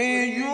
يخرج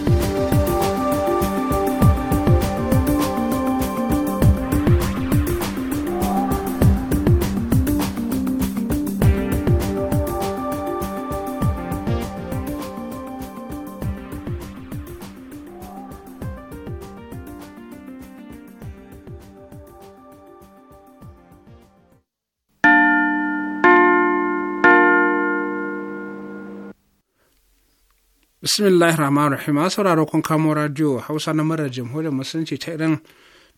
bismillahir rahman rahim a sauraro kun kamo radio hausa na murar jamhuriyar musulunci ta iran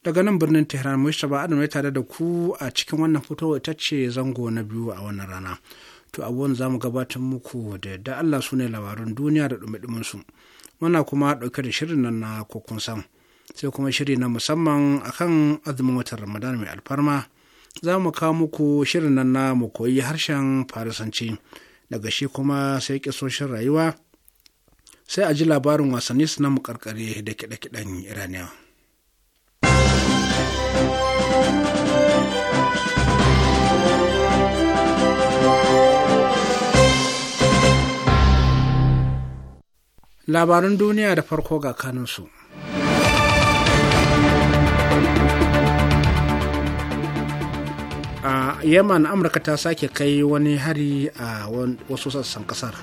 daga nan birnin tehran mustapha adam ya tare da ku a cikin wannan fito ita ce zango na biyu a wannan rana to abubuwan za mu gabatar muku da da allah su ne labarun duniya da dumi su muna kuma ɗauke da shirin nan na kokun san sai kuma shiri na musamman akan azumin watan ramadan mai alfarma za mu kawo muku shirin nan na mu koyi harshen farisanci daga shi kuma sai kisoshin rayuwa sai a ji labarin wasanni su na mu karkare da kiɗe-kiɗen iraniya labaran duniya da farko ga kanunsu a yaman amurka ta sake kai wani hari a wasu sassan kasar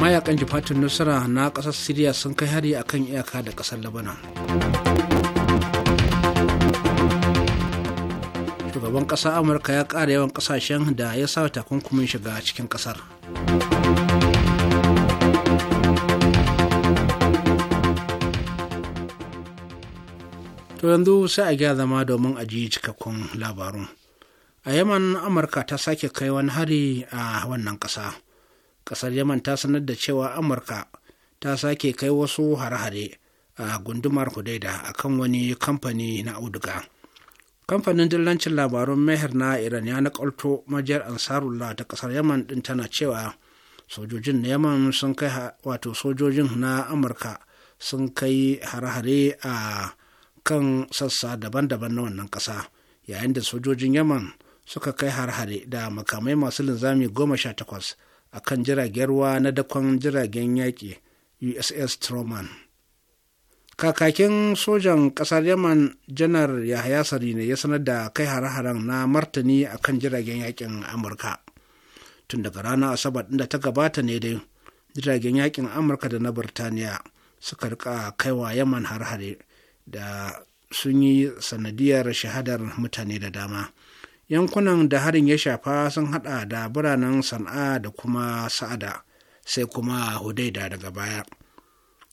mayakan jifatin nasara na ƙasar siriya sun kai hari a kan iyaka da ƙasar labanan shugaban ƙasa amurka ya ƙara yawan ƙasashen da ya sa takunkumin shiga cikin ƙasar to yanzu sai a gya zama domin a ji cikakkun labarun a yaman amurka ta sake kai wani hari a wannan ƙasa kasar yaman ta sanar da cewa amurka ta sake kai wasu hare-hare a gundumar hudaida a kan wani kamfani na auduga kamfanin dillancin labarun meher na iran ya nakalto majiyar ansarullah ta kasar yaman din tana cewa sojojin na yaman sun kai wato sojojin na amurka sun kai hare-hare a kan sassa daban-daban na wannan ƙasa yayin da sojojin yaman suka kai hare-hare da makamai masu linzami goma sha takwas a kan jiragen ruwa na dakon jiragen yaƙi uss truman kakakin sojan ƙasar yaman janar yahaya sari ne ya sanar da kai hare-haren na martani a kan jiragen yaƙin amurka tun daga ranar asabar da ta gabata ne dai jiragen yaƙin amurka da na birtaniya suka rika kaiwa yaman har-hare da sun yi sanadiyar shahadar mutane da dama yankunan da harin ya shafa sun hada da biranen sana'a da kuma sa'ada sai kuma hudaida daga baya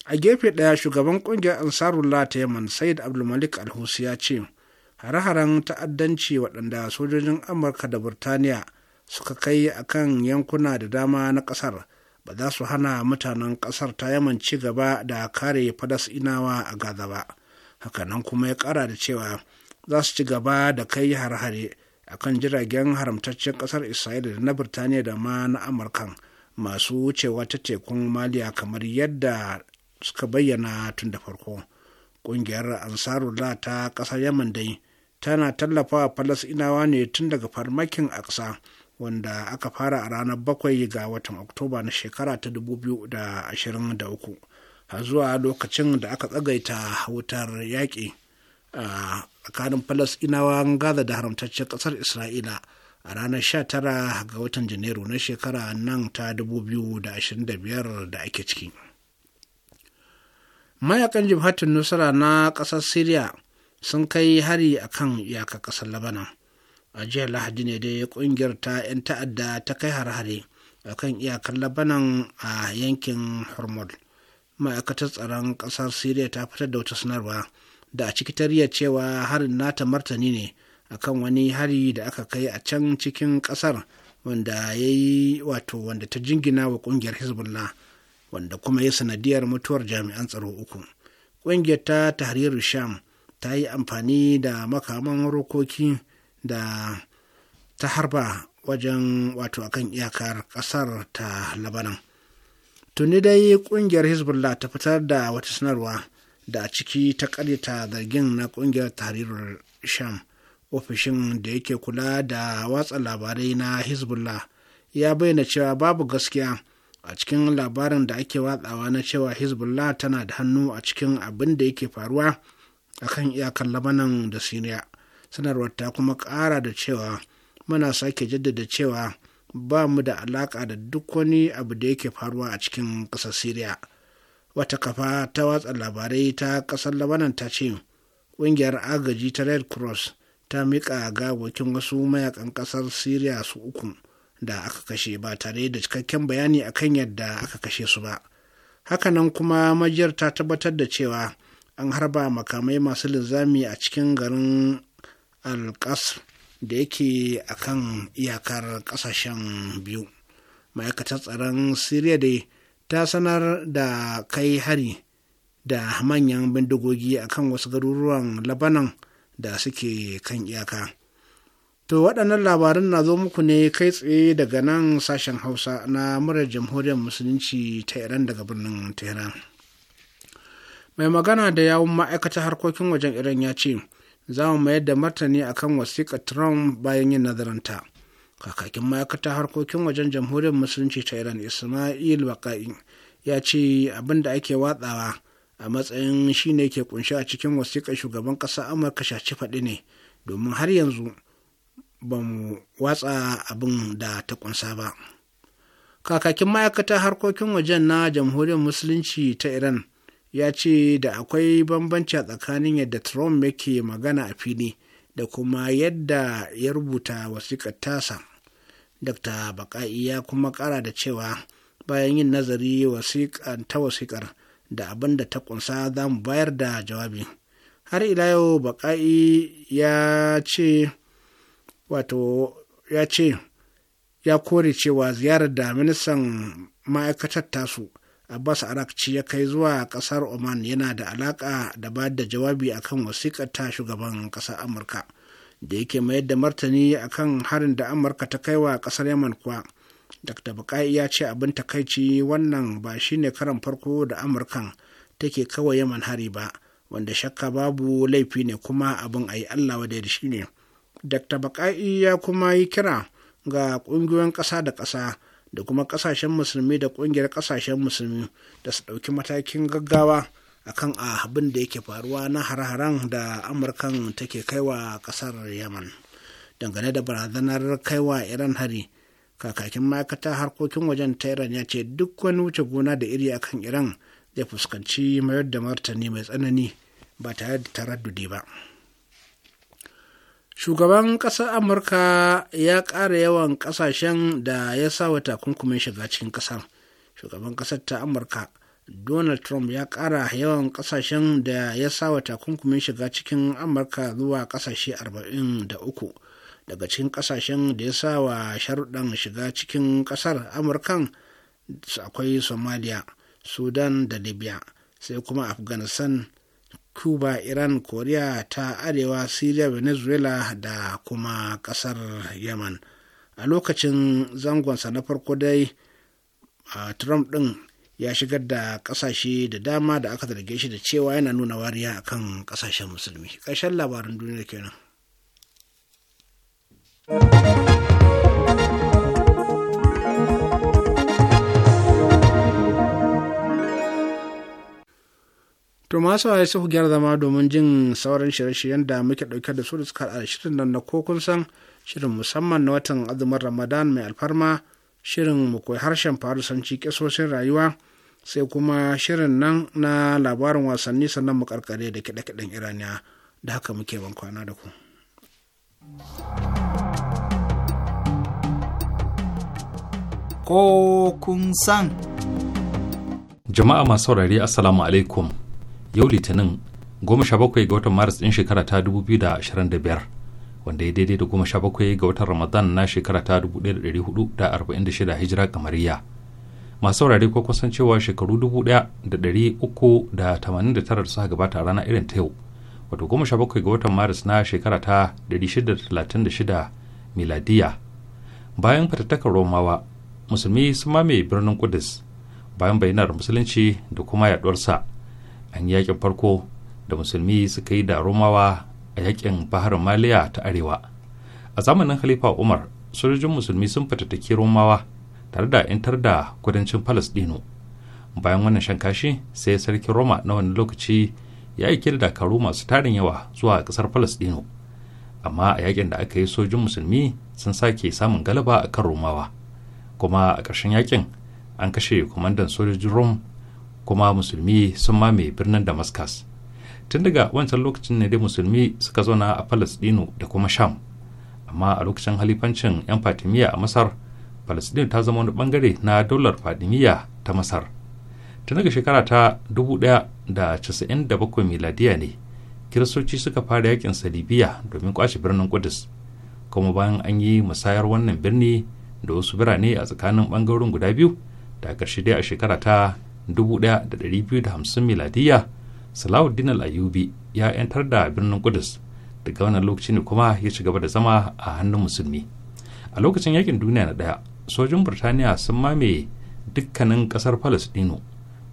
a gefe ɗaya shugaban ƙungiyar ansarullah ta yaman said abdulmalik alhusi ya ce hare-haren ta'addanci waɗanda sojojin amurka da burtaniya suka kai a kan yankuna da dama na ƙasar ba za su hana mutanen ƙasar ta yaman ci gaba da kare falasɗinawa a gaza ba hakanan kuma ya ƙara da cewa za su ci gaba da kai har-hare akan jiragen haramtaccen kasar isra'ila da na birtaniya da ma na amurkan masu wucewa ta tekun maliya kamar yadda suka bayyana tun da farko ƙungiyar ansarullah ta ƙasar yaman dai tana tallafa falasinawa ne tun daga farmakin aksa wanda aka fara a ranar bakwai ga watan oktoba na shekara ta 2023 har zuwa lokacin da aka tsagaita wutar yaƙi a tsakanin falasɗinawan gaza da haramtaccen ƙasar isra'ila a ranar sha tara ga watan janairu na shekara nan ta 2025 da ashirin da da biyar ake ciki mayakan jibhatin nusra na ƙasar syria sun kai hari a kan iyakar ƙasar labanan a jiya lahadi ne dai ƙungiyar ta 'yan ta'adda ta kai har-hare a kan iyakar labanan a yankin hormuz ma'aikatar tsaron ƙasar syria ta fitar da wata sanarwa da a ciki tariya cewa harin nata martani ne akan wani hari da aka kai a can cikin kasar wanda ya yi wato wanda ta jingina wa kungiyar hezbollah wanda kuma ya sanadiyar mutuwar jami'an tsaro uku kungiyar ta tahriru sham ta yi amfani da makaman rokoki da ta harba wajen wato akan iyakar kasar ta labanan tuni dai kungiyar hezbollah ta fitar da wata sanarwa da a ciki ta karyata zargin na kungiyar tarirar sham ofishin da yake kula da watsa labarai na hezbollah ya bayyana cewa babu gaskiya a cikin labarin da ake watsawa na cewa hezbollah tana da hannu a cikin abin da yake faruwa a kan iyakar labanan da siriya sanarwar ta kuma ƙara da cewa muna sake jaddada cewa ba mu da alaƙa da duk wani abu da yake faruwa a cikin ƙasar siriya wata kafa ta watsa labarai ta ƙasar labanan ta ce ƙungiyar agaji ta red cross ta miƙa gawakin wasu mayakan ƙasar syria su uku da aka kashe ba tare da cikakken bayani akan yadda aka kashe su ba hakanan kuma majiyar ta tabbatar da cewa an harba makamai masu linzami a cikin garin alkas da yake akan iyakar ƙasashen biyu ma'aikatar tsaron siriya dai ta sanar da kai hari da manyan bindigogi a kan wasu garuruwan labanan da suke kan iyaka to waɗannan labarin na zo muku ne kai tsaye daga nan sashen hausa na murar jamhuriyar musulunci ta iran daga birnin tehran mai magana da yawun ma'aikatar harkokin wajen iran ya ce za mu mayar da martani akan wasiƙa trump bayan yin nazarinta. kakakin ma'aikatar harkokin wajen jamhuriyar musulunci ta iran ismail waka'i ya ce abin da ake watsawa a matsayin shine ke kunshi a cikin wasiƙar shugaban ƙasa amurka shaci faɗi ne domin har yanzu ba mu watsa abin da ta kunsa ba kakakin ma'aikatar harkokin wajen na jamhuriyar musulunci ta iran ya ce da akwai bambanci a tsakanin yadda trump yake magana a fili da kuma yadda ya rubuta wasiƙar tasa dr baka'i ya kuma ƙara da cewa bayan yin nazari ta wasiƙar da abin da ta ƙunsa za mu bayar da jawabi har ila yau baka'i ya ce wato ya ce ya kore cewa ziyarar da ministan ma'aikatar tasu abbas arakci ya kai zuwa kasar oman yana da alaƙa da ba da jawabi a kan ta shugaban ƙasar amurka da yake mayar da martani akan harin da amurka ta kai wa ƙasar yaman kuwa dr bukai ya ce abin takaici wannan ba shi ne karan farko da amurkan take kawai yaman hari ba wanda shakka babu laifi ne kuma abin a yi allah wadai da shi ne dr bakai ya kuma yi kira ga ƙungiyoyin ƙasa da ƙasa da kuma kasashen musulmi da kungiyar kasashen musulmi da su ɗauki matakin gaggawa a akan abin da yake faruwa na har-haren da amurkan take kaiwa ƙasar yaman dangane da barazanar kaiwa iran hari kakakin ma'aikatar harkokin wajen ta iran ya ce duk wani wuce gona da iri akan iran zai fuskanci mayar da martani mai tsanani ba tare da taraddudi ba. shugaban ƙasar amurka ya ƙara yawan ƙasashen da ya sa wa takunkumin shiga cikin ƙasar shugaban ƙasar ta amurka donald trump ya ƙara yawan ƙasashen da ya sa wa takunkumin shiga cikin amurka zuwa ƙasashe 43 daga cikin ƙasashen da ya sa wa sharuɗan shiga cikin ƙasar amurkan akwai somalia sudan da libya sai kuma afghanistan cuba iran koriya ta arewa syria venezuela da kuma kasar yaman a lokacin zangonsa na farko dai trump ɗin ya shigar da ƙasashe da dama da aka zarge shi da cewa yana nuna wariya a kan ƙasashen musulmi ƙarshen labarin duniya kenan. To masu waye suka gyara zama domin jin sauran shirye-shiryen da muke ɗauke da su da suka haɗa shirin nan na ko kun san shirin musamman na watan azumin Ramadan mai alfarma shirin mu koyi harshen farusanci kesoshin rayuwa sai kuma shirin nan na labarin wasanni sannan mu karkare da kiɗe-kiɗen Iraniya da haka muke ban kwana da ku. Ko kun san. Jama'a masu saurari Assalamu alaikum. yau litinin 17 ga watan maris ɗin shekara ta 2025 wanda ya daidai da goma sha bakwai ga watan ramadan na shekara ta 1446 hijira kamariya masu saurare ko kusan cewa shekaru 1389 da suka gabata a rana irin ta yau wato goma sha bakwai ga watan maris na shekara ta 636 miladiya bayan fatattakar romawa musulmi sun mamaye birnin kudus bayan bayyanar musulunci da kuma yaduwarsa an yakin farko da musulmi suka yi da romawa a yakin bahar maliya ta arewa a zamanin halifa umar sojojin musulmi sun fatattaki romawa tare da 'yantar da kudancin palestino bayan wannan shankashi sai sarkin roma na wani lokaci ya aiki da dakaru masu tarin yawa zuwa kasar palestino amma a yakin da aka yi sojin musulmi sun sake samun galaba a kan romawa kuma a ƙarshen yakin an kashe kwamandan sojojin rom kuma musulmi sun mame birnin damascus tun daga wancan lokacin ne dai musulmi suka zauna a palestino da kuma sham amma a lokacin halifancin 'yan fatimiyya a masar palestino ta zama wani bangare na daular fatimiyya ta masar tun daga shekara ta 1997 miladiya ne kiristoci suka fara yakin salibiya domin kwashe birnin kudus kuma bayan an yi musayar wannan birni da wasu birane a tsakanin bangarorin guda biyu da karshe dai a shekara ta 1250 miladiya salahuddin al-ayubi ya 'yantar da birnin kudus daga wannan lokaci ne kuma ya ci gaba da zama a hannun musulmi a lokacin yakin duniya na daya sojin burtaniya sun mamaye dukkanin kasar palestino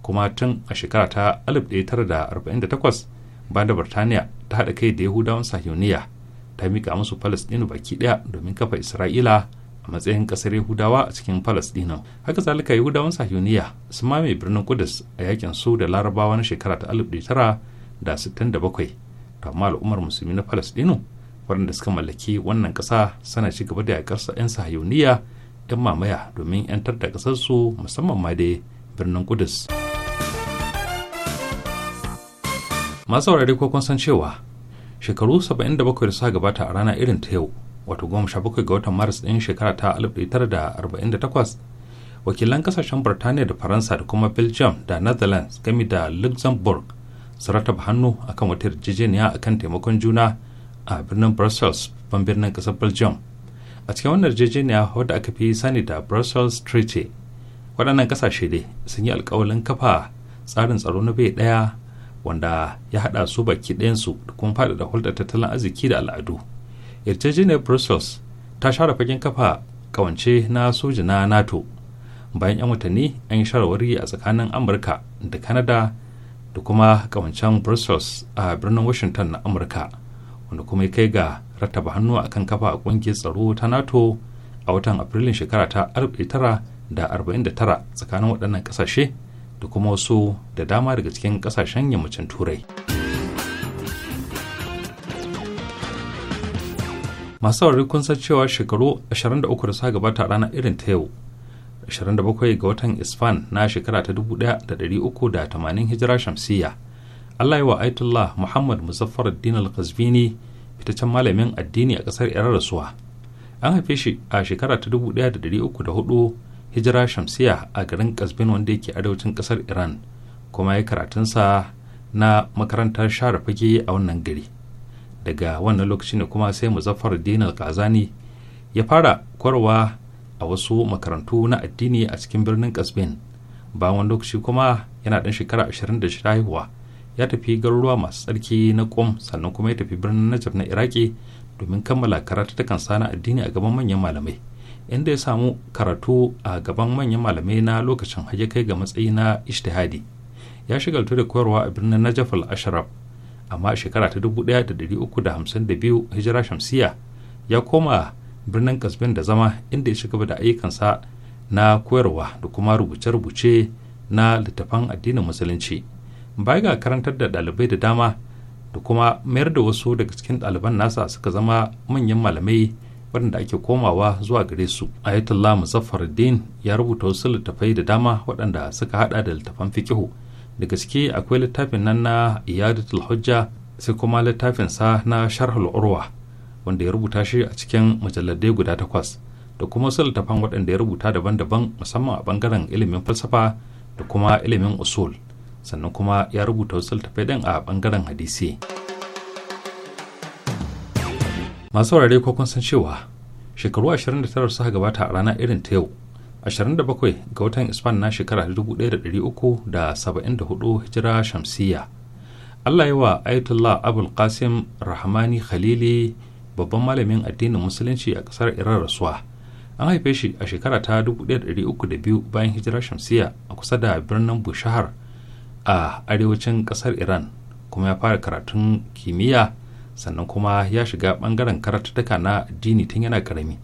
kuma tun a shekara ta 1948 bayan da burtaniya ta haɗa kai da yahudawan sahiyoniya ta miƙa musu palestino baki ɗaya domin kafa isra'ila a matsayin kasar yahudawa a cikin palestina haka zalika yahudawan sahiyoniya sun mame birnin kudus a yakin su da larabawa na shekara ta 1967 to amma al'ummar musulmi na palestino waɗanda suka mallaki wannan ƙasa sana ci gaba da yakar 'yan sahiyoniya 'yan mamaya domin 'yantar da su musamman ma dai birnin kudus masu saurare ko kun san cewa shekaru 77 da suka gabata a rana irin ta yau wato goma bakwai ga watan maris ɗin shekara ta da arba'in 1948 wakilan kasashen birtaniya da faransa da kuma belgium da netherlands gami da luxembourg su rataba hannu akan wata yarjejeniya akan taimakon juna a birnin brussels ban birnin kasar belgium a cikin wannan yarjejeniya wadda aka fi sani da brussels treaty waɗannan kasashe ne sun yi alkawalin kafa tsarin tsaro na bai ɗaya wanda ya haɗa su baki ɗayansu da kuma faɗaɗa hulɗar tattalin arziki da al'adu yarjejeniyar brussels ta share fagen kafa kawance na soja na nato bayan 'yan watanni an yi shawarwari a tsakanin amurka da kanada da kuma kawancen brussels a birnin washington na amurka wanda kuma ya kai ga rattaba hannu a kan kafa a kungiyar tsaro ta nato a watan afrilun shekara ta 1949 tsakanin waɗannan ƙasashe da kuma wasu da dama daga cikin ƙasashen yammacin turai. masu saurari kun san cewa shekaru 23 da suka gabata a ranar irin ta yau 27 ga watan isfan na shekara ta 1380 hijira shamsiyya allah yi wa aitullah muhammad muzaffar addin al-qazvini fitaccen malamin addini a kasar iran rasuwa an haife shi a shekara ta 1304 hijira shamsiyya a garin kasbin wanda yake arewacin kasar iran kuma ya karatunsa na makarantar share fage a wannan gari daga wannan lokaci ne kuma sai muzaffar dinar kazani ya fara kwarwa a wasu makarantu na addini a cikin birnin kasbin bayan wani lokaci kuma yana ɗan shekara 26 haihuwa ya tafi garuruwa masu tsarki na kom sannan kuma ya tafi birnin najaf na iraki domin kammala takan sana addini a gaban manyan malamai inda ya samu karatu a gaban manyan malamai na lokacin har kai ga matsayi na ishtihadi ya shigaltu da koyarwa a birnin najaf al-ashraf amma a shekara ta biyu hijira shamsiya ya koma birnin kasbin da zama inda ya shiga da ayyukansa na koyarwa da kuma rubuce-rubuce na littafan addinin musulunci baya ga karantar da ɗalibai da dama da kuma mayar da wasu daga cikin ɗaliban nasa suka zama manyan malamai waɗanda ake komawa zuwa gare su ayatollah muzaffar din ya rubuta wasu littafai da dama waɗanda suka haɗa da littafan fikihu da gaske akwai littafin nan na iyadatul hujja sai kuma littafin sa na sharhul urwa wanda ya rubuta shi a cikin mujalladai guda takwas da kuma wasu littafan waɗanda ya rubuta daban-daban musamman a bangaren ilimin falsafa da kuma ilimin usul sannan kuma ya rubuta wasu littafai ɗin a bangaren hadisi masu saurare ko kun san cewa shekaru 29 suka gabata a rana irin ta yau 27 ga watan isfan na shekara 1374 hijira shamsiyya allah yi wa ayatollah abul qasim rahmani khalili babban malamin addinin musulunci a kasar iran rasuwa an haife shi a shekara ta 1302 bayan hijira shamsiyya a kusa da birnin bushahar a arewacin kasar iran kuma ya fara karatun kimiyya sannan kuma ya shiga ɓangaren karatuttuka na addini tun yana karami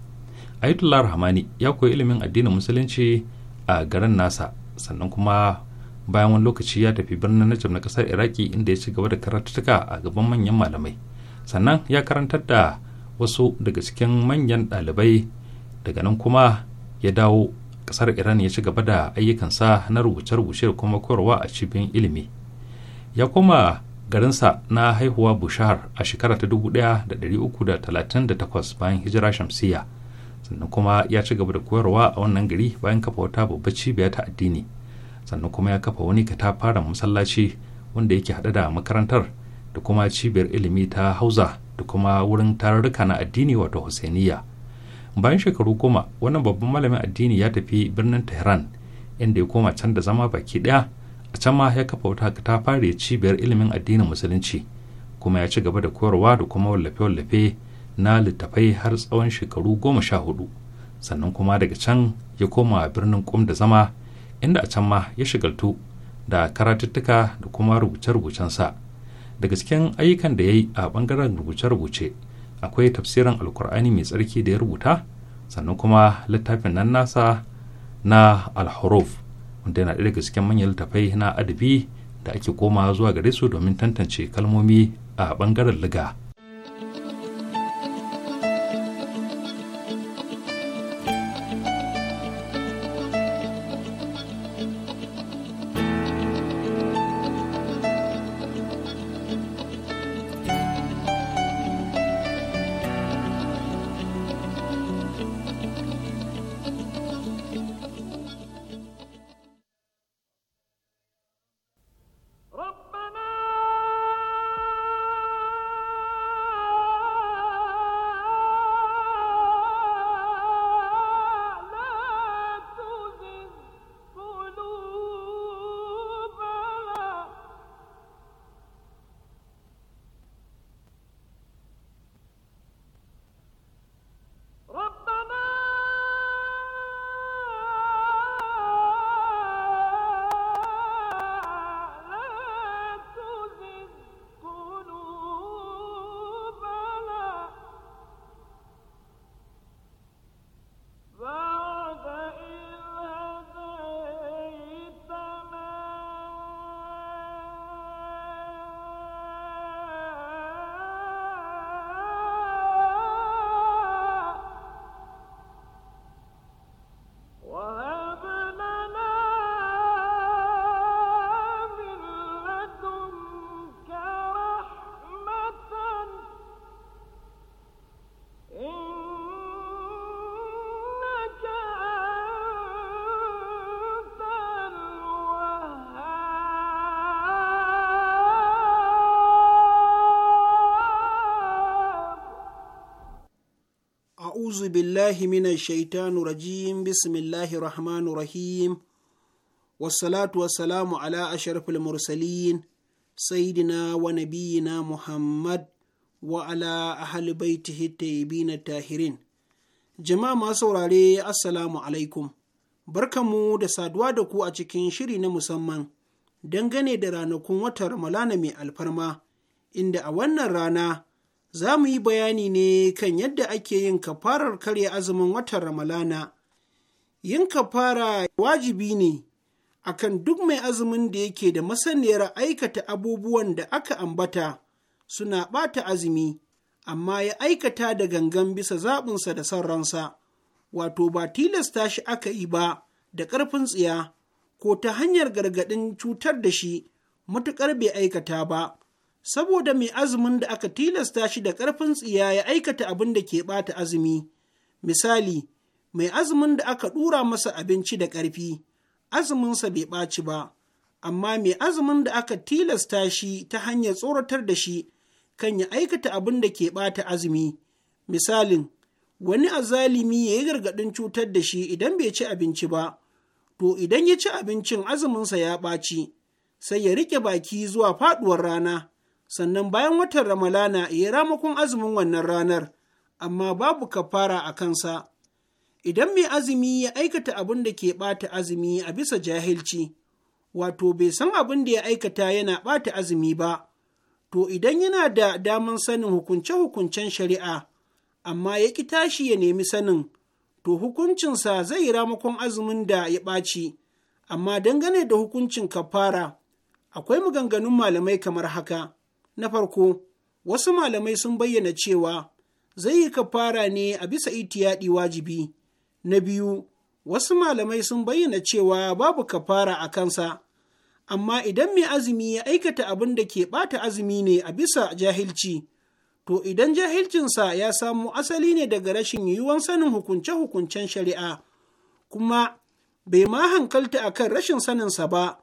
Ayatollah Rahmani ya koyi ilimin addinin musulunci a garin nasa sannan kuma bayan wani lokaci ya tafi birnin na na kasar Iraki inda ya ci gaba da karatuttuka a gaban manyan malamai sannan ya karantar da wasu daga cikin manyan ɗalibai daga nan kuma ya dawo kasar Iran ya ci gaba da ayyukansa na rubuce-rubuce da kuma koyarwa a cibiyar ilimi ya koma garinsa na haihuwa Bushar a shekara ta dubu da da da uku talatin takwas bayan hijira shamsiyya sannan kuma ya ci gaba da koyarwa a wannan gari bayan kafa wata babbar cibiya ta addini sannan kuma ya kafa wani katafaren masallaci wanda yake hada da makarantar da kuma cibiyar ilimi ta hauza da kuma wurin tararruka na addini wato husainiya bayan shekaru goma wannan babban malamin addini ya tafi birnin tehran inda ya koma can da zama baki daya a can ma ya kafa wata katafare cibiyar ilimin addinin musulunci kuma ya ci gaba da koyarwa da kuma wallafe-wallafe na littafai har tsawon shekaru goma sha hudu sannan kuma daga can ya koma birnin kum da zama inda a can ma ya shigaltu da karatuttuka da kuma rubuce-rubucensa rubucen daga cikin ayyukan da ya yi a bangaren rubuce-rubuce akwai tafsirin alkur'ani mai tsarki da ya rubuta sannan kuma littafin nan nasa na alhuruf wanda yana daga cikin manyan littafai na adabi da ake koma zuwa gare su domin tantance kalmomi a bangaren liga billahi minash shaitanu rajim bismillahir rahmanir rahim wassalatu wassalamu ala ashrafil mursalin sayyidina wa muhammad wa ala ahli tahirin jama'a masu saurare assalamu alaikum barkamu da saduwa da ku a cikin shiri na musamman dangane da ranakun watan ramalana mai alfarma inda a wannan rana za mu yi bayani ne kan yadda ake yin kafarar karya azumin watan Ramalana. Yin kafara wajibi ne a kan duk mai azumin da yake da masaniyar aikata abubuwan da aka ambata suna ɓata azumi, amma ya aikata da gangan bisa zaɓinsa da son wato ba tilasta shi aka yi ba da ƙarfin tsiya ko ta hanyar gargaɗin cutar da shi matuƙar bai aikata ba. saboda mai azumin da aka tilasta shi da ƙarfin tsiya ya aikata abin da ke ɓata azumi. Misali, mai azumin da aka ɗura masa abinci da ƙarfi, azuminsa bai ɓaci ba, amma mai azumin da aka tilasta shi ta hanyar tsoratar da shi kan ya aikata abin da ke ɓata azumi. Misalin, wani azalimi ya yi gargaɗin cutar da shi idan bai ci abinci ba, to idan ya ci abincin azuminsa ya ɓaci, sai ya riƙe baki zuwa faɗuwar rana. sannan bayan watan Ramalana ya ramakon azumin wannan ranar, amma babu kafara a kansa. Idan mai azumi ya aikata abin da ke bata azumi a bisa jahilci, wato bai san abin da ya aikata yana ɓata azumi ba, to idan yana da daman sanin hukunce-hukuncen shari'a, amma ya ƙi tashi ya nemi sanin, to hukuncinsa zai yi ramakon azumin da ya ɓaci, amma dangane da hukuncin kafara, akwai maganganun malamai kamar haka. Na farko, wasu malamai sun bayyana cewa zai yi kafara ne a bisa itiyaɗi wajibi. Na biyu, wasu malamai sun bayyana cewa babu kafara a kansa, amma idan mai azumi ya aikata abin da ke ɓata azumi ne a bisa jahilci, to idan jahilcinsa ya samo asali ne daga rashin yiwuwan sanin hukunce-hukuncen shari'a, kuma bai ma hankalta akan rashin saninsa ba,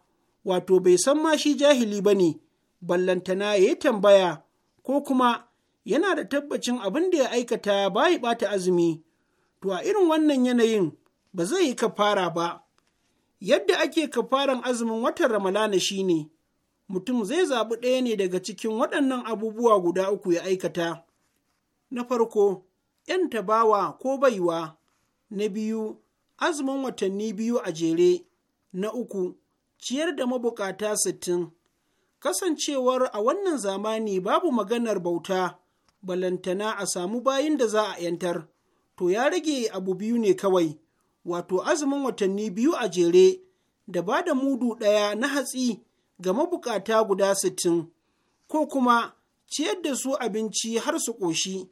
wato bai san ma shi jahili ba ne. ballantana ya yi tambaya ko kuma yana da tabbacin abin da ya aikata ba ya ɓata azumi to a irin wannan yanayin ba zai yi kafara ba yadda ake kafaran azumin watan ramalana shi ne, mutum zai zaɓi ɗaya ne daga cikin waɗannan abubuwa guda uku ya aikata na farko ‘yan tabawa ko baiwa na biyu azumin watanni biyu a jere na uku ciyar da mabukata sittin kasancewar a wannan zamani babu maganar bauta balantana a samu bayin da za a ‘yantar, to ya rage abu biyu ne kawai, wato azumin watanni biyu a jere da ba da mudu ɗaya na hatsi ga mabukata guda sittin, ko kuma ciyar da su abinci har su ƙoshi.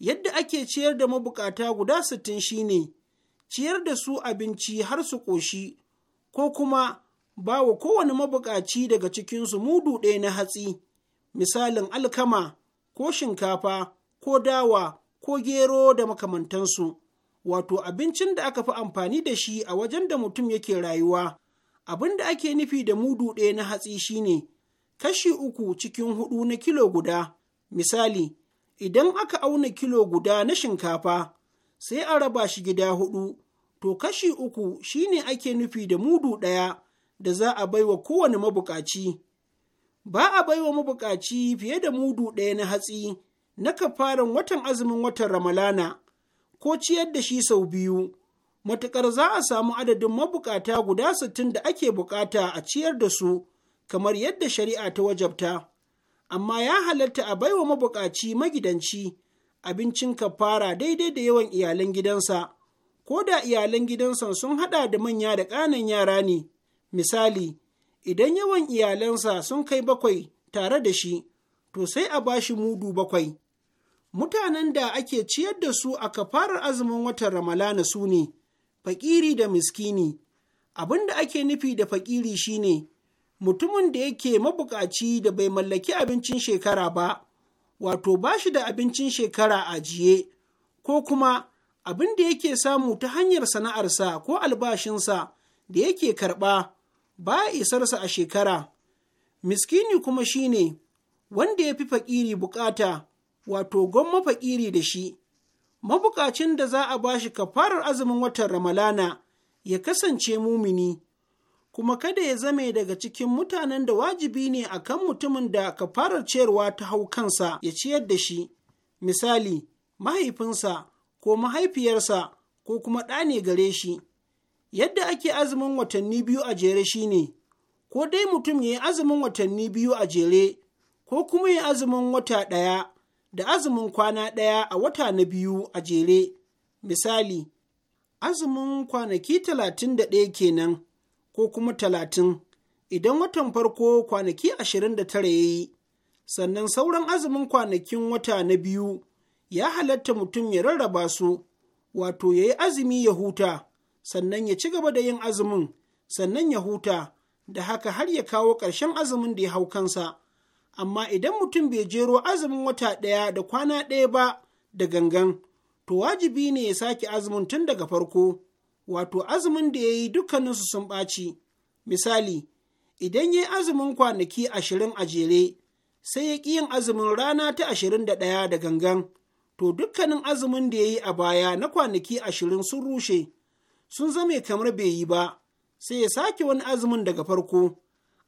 Yadda ake ciyar da mabukata guda sittin shine ciyar da su abinci har su ƙoshi, ko kuma ba wa kowane mabukaci daga cikinsu mudu ɗaya na hatsi, misalin alkama, ko shinkafa, ko dawa, ko gero da makamantansu, wato abincin da aka fi amfani da shi a wajen da mutum yake rayuwa. Abin da ake nufi da mudu ɗaya na hatsi shine kashi uku cikin hudu na kilo guda. Misali, idan aka auna kilo guda na shinkafa, sai a raba shi gida huɗu, to kashi uku shine ake nufi da mudu ɗaya. da za a baiwa kowane mabukaci ba a baiwa mabukaci fiye da mudu ɗaya na hatsi na kafaran watan azumin watan ramalana ko ciyar da shi sau biyu matuƙar za a samu adadin mabukata guda sittin da ake bukata a ciyar da su kamar yadda shari'a ta wajabta amma ya halatta a baiwa mabukaci magidanci abincin kafara daidai da yawan iyalan gidansa ko da iyalan gidansa sun haɗa da manya da ƙanan yara ne Misali, idan yawan iyalansa sun kai bakwai tare da shi, to sai a ba shi mudu bakwai. Mutanen da ake ciyar da su a kafarar azumin watan Ramalana su ne, fakiri da miskini. Abin da ake nufi da fakiri shine mutumin da yake mabukaci da bai mallaki abincin shekara ba, wato ba shi da abincin shekara a jiye, ko kuma abin da yake samu ta hanyar sana'arsa ko albashinsa da yake karɓa ba isarsa a shekara miskini kuma shi ne, wanda ya fi faƙiri bukata wato gwamma faƙiri da shi mabukacin da za a ba shi kafarar azumin watan ramalana ya kasance mumini kuma kada ya zame daga cikin mutanen da wajibi ne a kan mutumin da kafarar ciyarwa ta hau kansa ya ciyar da shi misali mahaifinsa ko mahaifiyarsa ko kuma ɗane ne gare shi Yadda ake azumin watanni biyu a jere shine, ko dai mutum ya yi azumin watanni biyu a jere, ko kuma ya azumin wata ɗaya da azumin kwana ɗaya a wata na biyu a jere. Misali, azumin kwanaki talatin da ɗaya kenan, ko kuma talatin, idan watan farko kwanaki ashirin da tara ya yi, sannan sauran azumin kwanakin wata na biyu ya halatta mutum ya rarraba su, wato ya yi azumi ya huta. sannan ya ci gaba da yin azumin sannan ya huta da haka har ya kawo ƙarshen azumin da ya hau kansa amma idan mutum bai jero azumin wata ɗaya da kwana ɗaya ba da gangan to wajibi ne ya sake azumin tun daga farko wato azumin da ya yi dukkaninsu sun ɓaci misali idan ya yi azumin kwanaki ashirin a jere sai ya ƙi yin azumin rana ta ashirin da ɗaya da gangan to dukkanin azumin da ya yi a baya na kwanaki ashirin sun rushe sun zame kamar bai yi ba sai ya sake wani azumin daga farko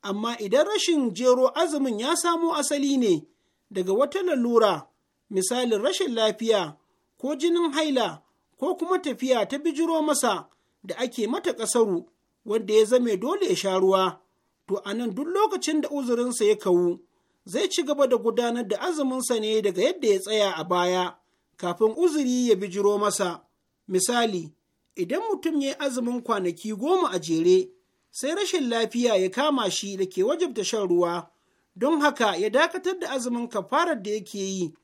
amma idan rashin jero azumin ya samo asali ne daga wata lalura misalin rashin lafiya ko jinin haila ko kuma tafiya ta bijiro masa da ake mata ƙasaru wanda ya zame dole ya sha ruwa to anan duk lokacin da uzurinsa ya kawu zai ci gaba da gudanar da azuminsa ne daga yadda ya tsaya a baya kafin uzuri ya bijiro masa misali idan mutum ya yi azumin kwanaki goma a jere sai rashin lafiya ya kama shi da ke wajabta shan ruwa don haka ya dakatar da azumin kafarar da yake yi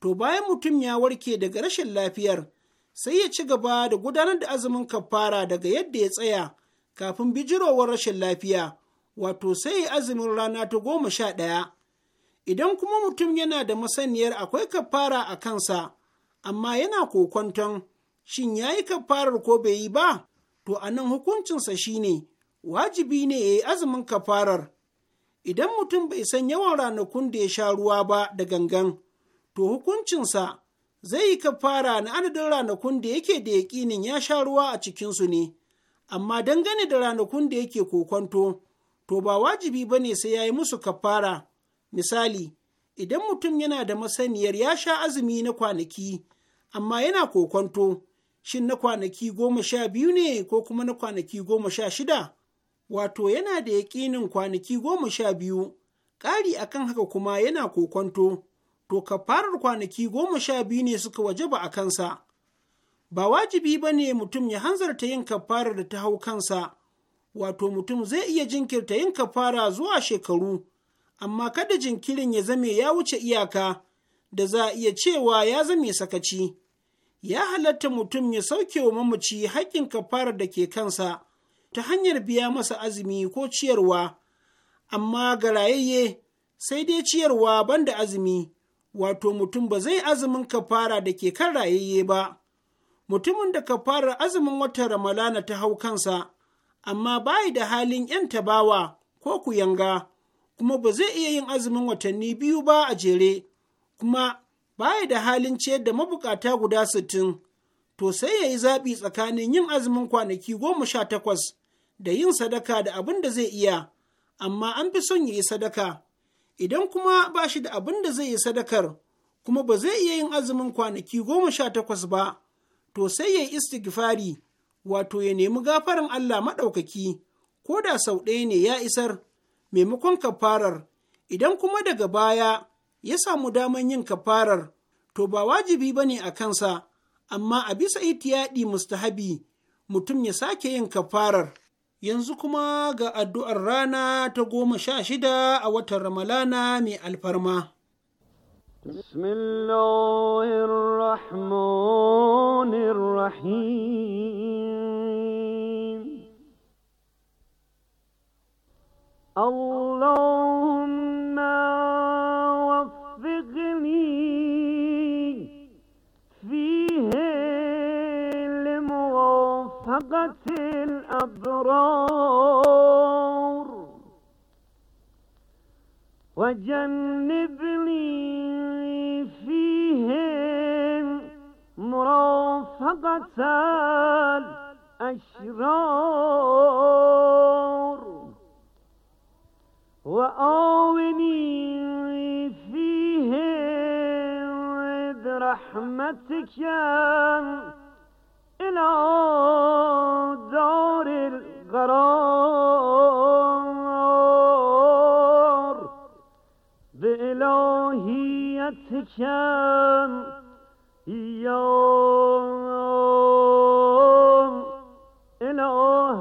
to bayan mutum ya warke daga rashin lafiyar sai ya ci gaba da gudanar da azumin kafara daga yadda ya tsaya kafin bijirowar rashin lafiya wato sai ya azumin rana ta goma sha ɗaya idan kuma mutum yana da masaniyar akwai kafara a kansa amma yana kokonton. shin ya yi kafarar ko bai yi ba to a nan hukuncinsa shi ne, wajibi ne ya yi azumin kafarar idan mutum bai san yawan ranakun da ya sha ruwa ba da gangan to hukuncinsa zai yi kafara na adadin ranakun da yake da yaƙinin ya sha ruwa a cikinsu ne amma dangane da ranakun da yake kokonto to ba wajibi ba ne sai ya yi musu kafara misali idan mutum yana da masaniyar ya sha azumi na kwanaki amma yana kokonto shin na kwanaki goma sha biyu ne ko kuma na kwanaki goma sha shida wato yana da yaƙinin kwanaki goma sha biyu ƙari akan haka kuma yana kokonto to kafarar kwanaki goma sha biyu ne suka waje ba a kansa ba wajibi ba ne mutum ya hanzarta yin kafarar da ta hau kansa wato mutum zai iya jinkirta yin kafara zuwa shekaru amma kada jinkirin ya zame ya wuce iyaka da za a iya cewa ya zame sakaci ya halatta mutum ya sauke wa mamaci haƙƙin kafarar da ke kansa ta hanyar biya masa azumi ko ciyarwa, amma ga rayayye sai dai ciyarwa banda azumi, wato mutum ba zai azumin kafara da ke kan rayayye ba. Mutumin da kafarar azumin watan Ramalana ta hau kansa, amma bayi da halin ‘yan tabawa ko kuyanga, kuma ba zai iya yin azumin watanni biyu ba a jere, kuma baya da halin ciyar da mabukata guda sittin, to sai ya yi zaɓi tsakanin yin azumin kwanaki goma sha takwas da yin sadaka da abin da zai iya, amma an fi son ya yi sadaka. Idan kuma ba shi da abin da zai yi sadakar, kuma ba zai iya yin azumin kwanaki goma sha takwas ba, to sai ya yi istighfari, wato ya nemi gafarin Allah maɗaukaki, ko da sau ɗaya ne ya isar, maimakon kafarar, idan kuma daga baya ya samu daman yin kafarar to ba wajibi ba ne a kansa amma a bisa itiyaɗi mustahabi mutum ya sake yin kafarar yanzu kuma ga addu'ar rana ta goma sha shida a watan ramalana mai alfarma بسم التقت الأبرار وجنبني فيهم مرافقة الأشرار وآوني فيهم برحمتك إلى دار القرار بإلهيتك يا إله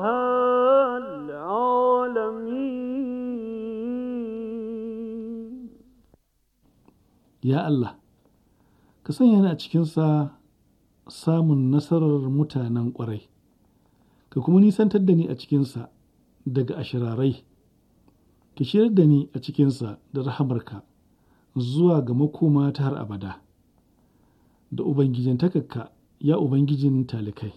العالمين يا الله ka sanya ni a cikinsa samun nasarar mutanen ƙwarai ka kuma nisantar da ni a cikinsa daga ashirarai ka shirar da ni a cikinsa da rahamarka zuwa ga makoma ta har abada da ubangijin takakka ya ubangijin talikai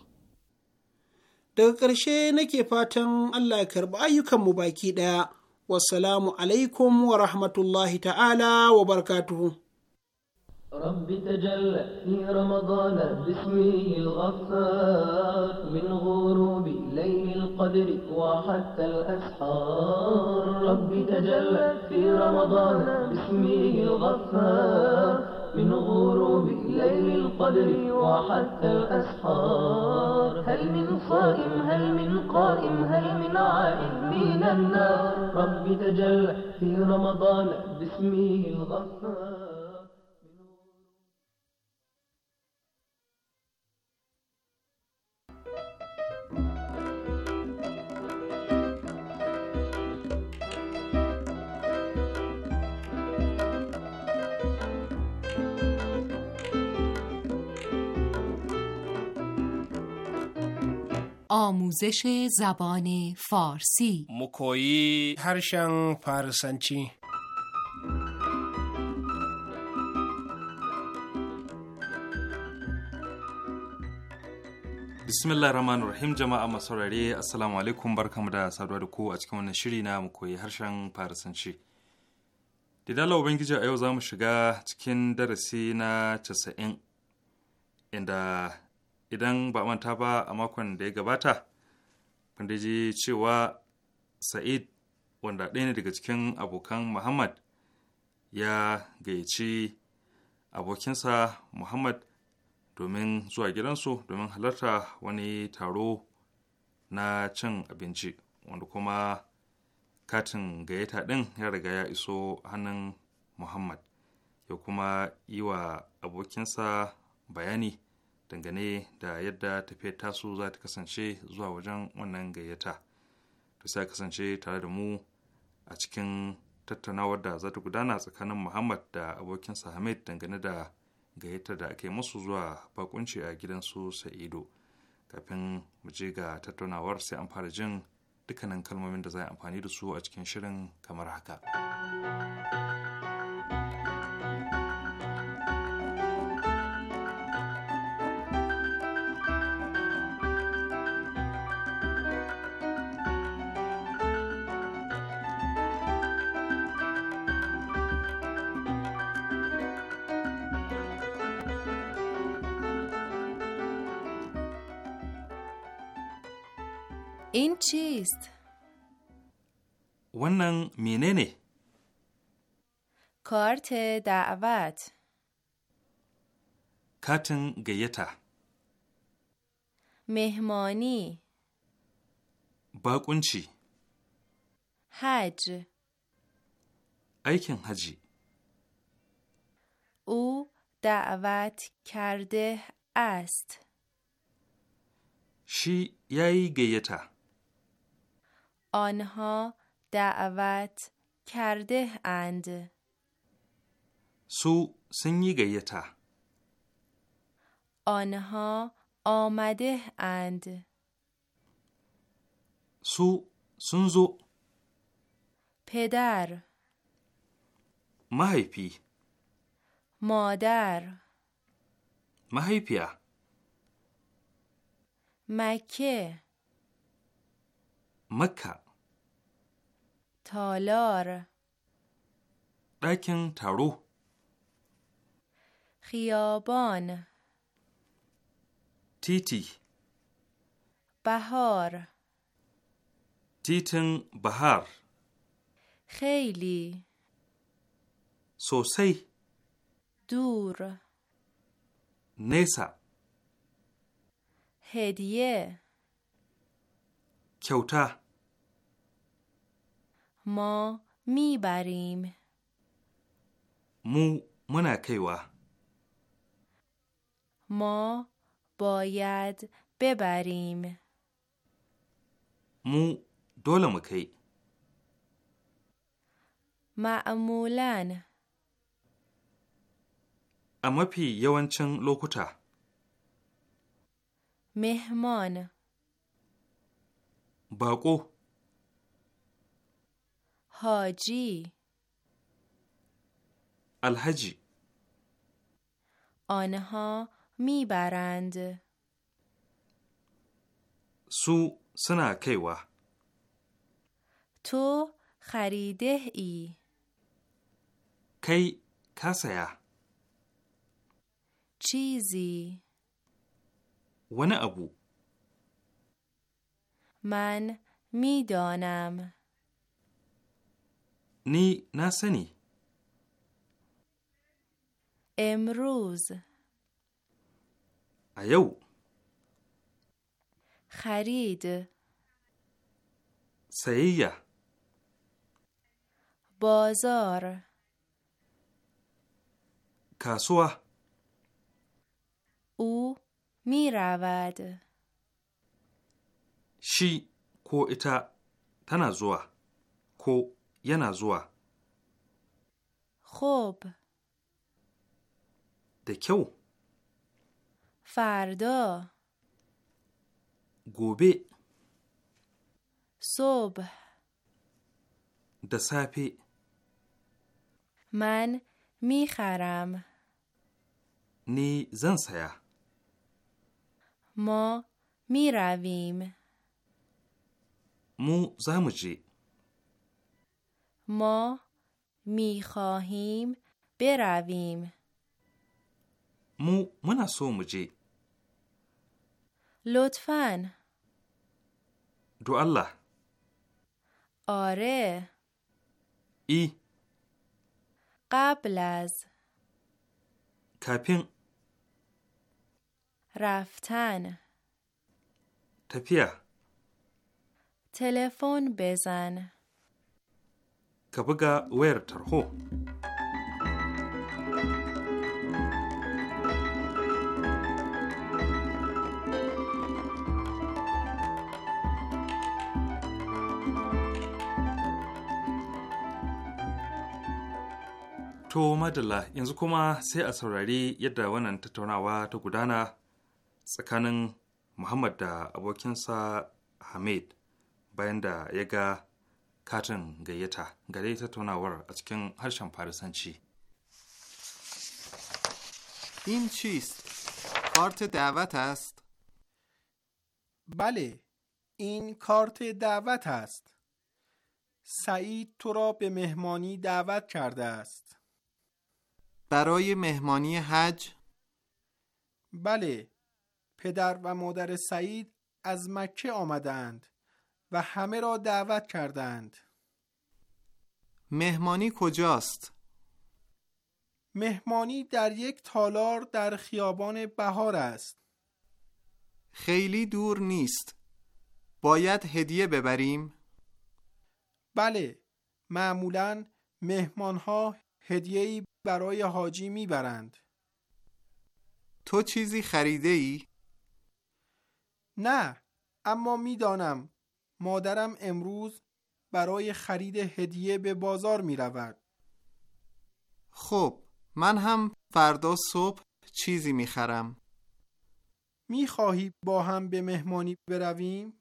daga ƙarshe nake fatan allah ya karɓi ayyukanmu baki ɗaya wasalamu alaikum wa rahmatullahi ta'ala wa barkatu. رب تجلى في رمضان باسمه الغفار من غروب ليل القدر وحتى الأسحار رب تجلى في رمضان باسمه الغفار من غروب ليل القدر وحتى الأسحار هل من صائم هل من قائم هل من عائد من النار رب تجلى في رمضان باسمه الغفار آموزش زبان فارسی مکویی هرشن فارسنچی bismillah rahman rahim jama'a masu saurare assalamu alaikum barkamu da saduwa da ku a cikin wannan shiri na mu koyi harshen farisanci da dala ubangiji a yau za mu shiga cikin darasi na casa'in inda idan ba manta ba a makon da ya gabata wanda ji cewa sa'id wanda ɗaya ne daga cikin abokan muhammad ya gayyaci abokinsa muhammad domin zuwa gidansu domin halarta wani taro na cin abinci wanda kuma katin gayyata ɗin ya riga ya iso hannun muhammad ya kuma yi wa abokinsa bayani dangane da yadda tafiyar tasu za ta kasance zuwa wajen wannan gayyata to sai kasance tare da mu a cikin tattaunawar da za ta gudana tsakanin muhammad da abokinsa hamid dangane da gayyatar da ake musu zuwa bakunci a gidansu sa'ido kafin mu je ga tattaunawar sai an fara jin dukkanin kalmomin da za a amfani da su a cikin shirin kamar haka. inches. Wannan menene? Karte da'wat. Katin gayyata. Mehmani. Baƙunci. Hajj. Aikin haji. U da'wat karde ast. Shi yayi gayyata. آنها دعوت کرده اند سو سنگی آنها آمده اند سو سنزو پدر مهیپی مادر مهیپیا مکه مکه تالار دکن تارو خیابان تیتی بهار تیتن بهار خیلی سوسی دور نیسا هدیه kyauta. Mo mi barim. Mu muna kaiwa. Mo boyad bebarim. Mu dole mu kai. Ma'amulan. A mafi yawancin lokuta. Mihmana. Baƙo. Haji. Alhaji. Anha mi barand. Su suna kaiwa. To haride Kai ka saya. Cheesy. Wani abu. من میدانم نی نسنی امروز ایو خرید سیه بازار کاسوه او می رود شی کو ایتا تنا زوا کو ینا زوا خوب دکو فردا گوبه صبح دسافی من خرم. نی زن سیا ما میرویم مو زمجی ما می خواهیم برویم مو من سومجی لطفا دو الله آره ای قبل از کپین رفتن تپیه تلفن بزن ka buga wayar tarho. To Madalla yanzu kuma sai a saurari yadda wannan tattaunawa ta gudana tsakanin Muhammad da abokinsa Hamid. bayan da ya ga katin gayyata gare tattaunawar a cikin harshen farisanci این چیست؟ کارت دعوت است؟ بله این کارت دعوت است سعید تو را به مهمانی دعوت کرده است برای مهمانی حج؟ بله پدر و مادر سعید از مکه آمدند و همه را دعوت کردند مهمانی کجاست؟ مهمانی در یک تالار در خیابان بهار است خیلی دور نیست باید هدیه ببریم؟ بله معمولا مهمانها هدیه‌ای برای حاجی میبرند تو چیزی خریده ای؟ نه اما میدانم مادرم امروز برای خرید هدیه به بازار می رود. خب من هم فردا صبح چیزی می خرم. می خواهی با هم به مهمانی برویم؟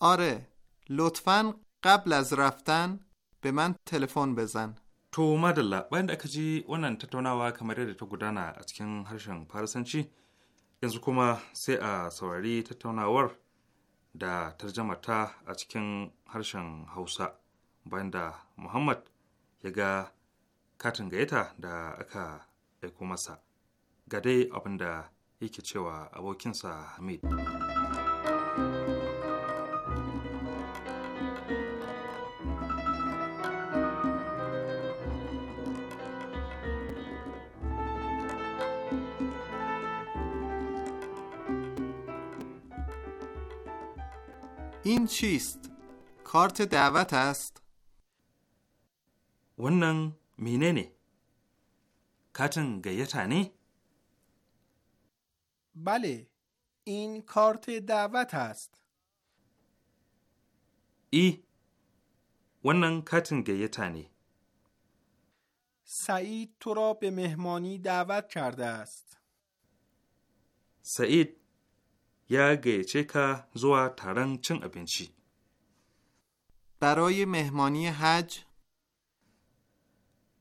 آره لطفا قبل از رفتن به من تلفن بزن. تو مادلا باید اکجی اونن تتونا و کمری تو گدانا از کن هرشن پارسنچی. ینزو کما سه ا سواری تتونا ور. da tarjamata a cikin harshen hausa bayan da muhammad ya ga katin gayyata da aka aiko masa ga dai abin da yake cewa abokinsa hamid این چیست؟ کارت دعوت است؟ ونن مینه نی؟ کاتن گیتا بله این کارت دعوت است ای ونن کاتن گیتا سعید تو را به مهمانی دعوت کرده است سعید ya gayyace ka zuwa taron cin abinci. Baroyi mehmani Hajj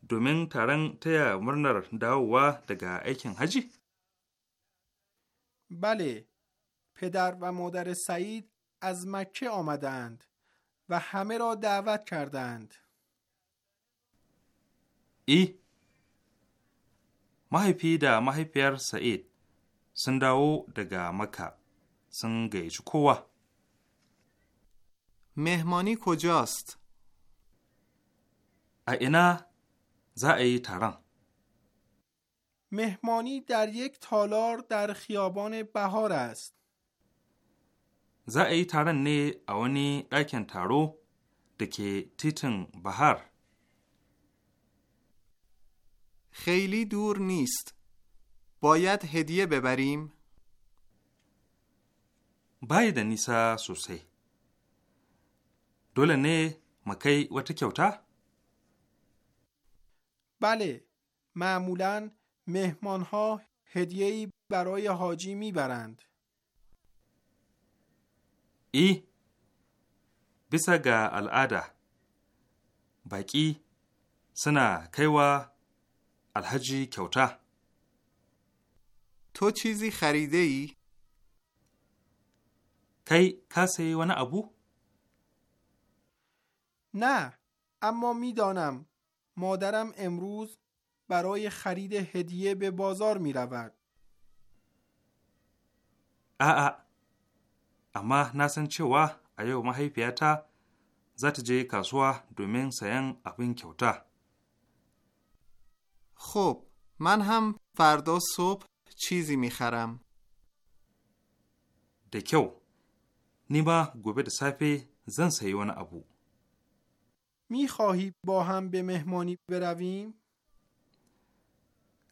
Domin taron taya murnar dawowa daga aikin haji? Bale, pedar ba modar Said az makke omadand ba hame davat kardand. I Mahaifi da mahaifiyar Said sun dawo daga maka. کو مهمانی کجاست؟ اینا زعی تران. مهمانی در یک تالار در خیابان بهار است. زعی تران نی اونی ne تارو wani تیتن بحر خیلی دور نیست. باید هدیه ببریم. baya da nisa sosai. Dole ne makai wata kyauta? Bale, ma'amulan مهمان ها هدیه برای حاجی میبرند ای bisa ga al'ada baki suna kaiwa alhaji kyauta to چیزی خریده ای؟ کی ka sayi ابو نه اما میدانم مادرم امروز برای خرید هدیه به بازار می رود. آ اما نسن چوا ایو مهیفیتا زات جه کاسوا دومین سین ابین کیوتا خب من هم فردا صبح چیزی میخرم دکیو نی گوبه زن سیوان ابو خواهی با هم به مهمانی برویم؟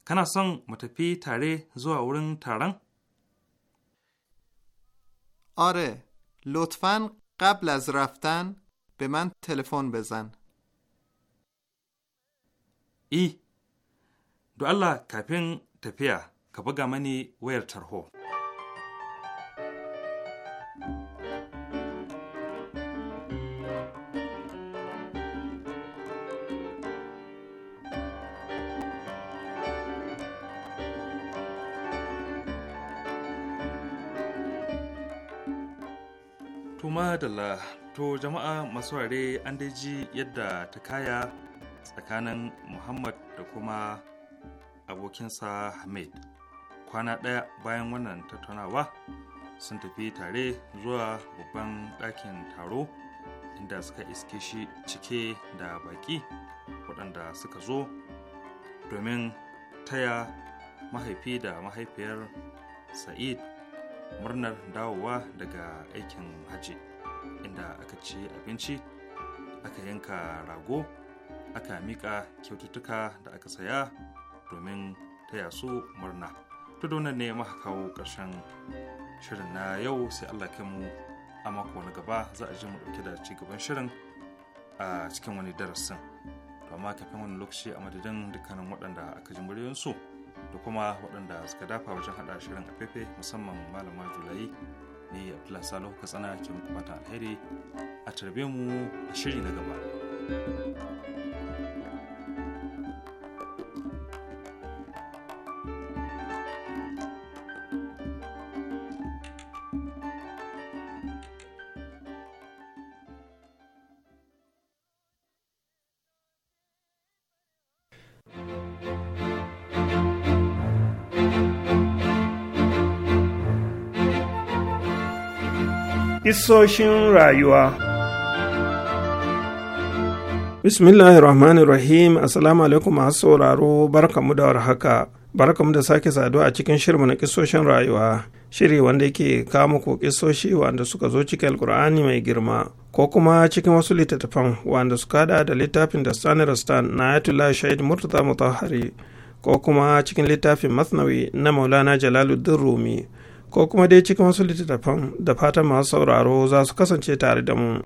کنا متپی متفی تره زو اورن آره لطفا قبل از رفتن به من تلفن بزن ای دو الله کپین تپیا ka buga ترهو. madalla to jama'a masu ware an dai ji yadda ta kaya tsakanin muhammad da kuma abokinsa hamid kwana ɗaya bayan wannan tattaunawa sun tafi tare zuwa babban ɗakin taro inda suka iske shi cike da baƙi waɗanda suka zo domin taya mahaifi da mahaifiyar sa'id murnar dawowa daga aikin hajji inda aka ci abinci aka yanka rago aka mika kyaututtuka da aka saya domin taya su murna to da ne maka kawo ƙarshen shirin na yau sai allah kai mu a mako na gaba za a ji mu ɗauke da ci gaban shirin a cikin wani darasin to amma kafin wani lokaci a madadin dukkanin waɗanda aka ji muryoyinsu da kuma waɗanda suka dafa wajen haɗa shirin a fefe musamman malama julai ni abdullahi salihu tsana ke muku fatan alheri a tarbe mu a shiri na gaba Isoshin rayuwa rahim Assalamu alaikum masu sauraro barkamu da warhaka barkamu da sake saduwa a cikin shirmu na kisoshin rayuwa shiri wanda yake kawo muku kisoshi wanda suka zo cikin alkur'ani mai girma ko kuma cikin wasu littattafan wanda suka hada da littafin da stanar stan na ayatollah shahid murtaza mutahari ko kuma cikin littafin masnawi na maulana jalaluddin rumi ko kuma dai cikin wasu littattafan da fatan masu sauraro za su kasance tare da mu.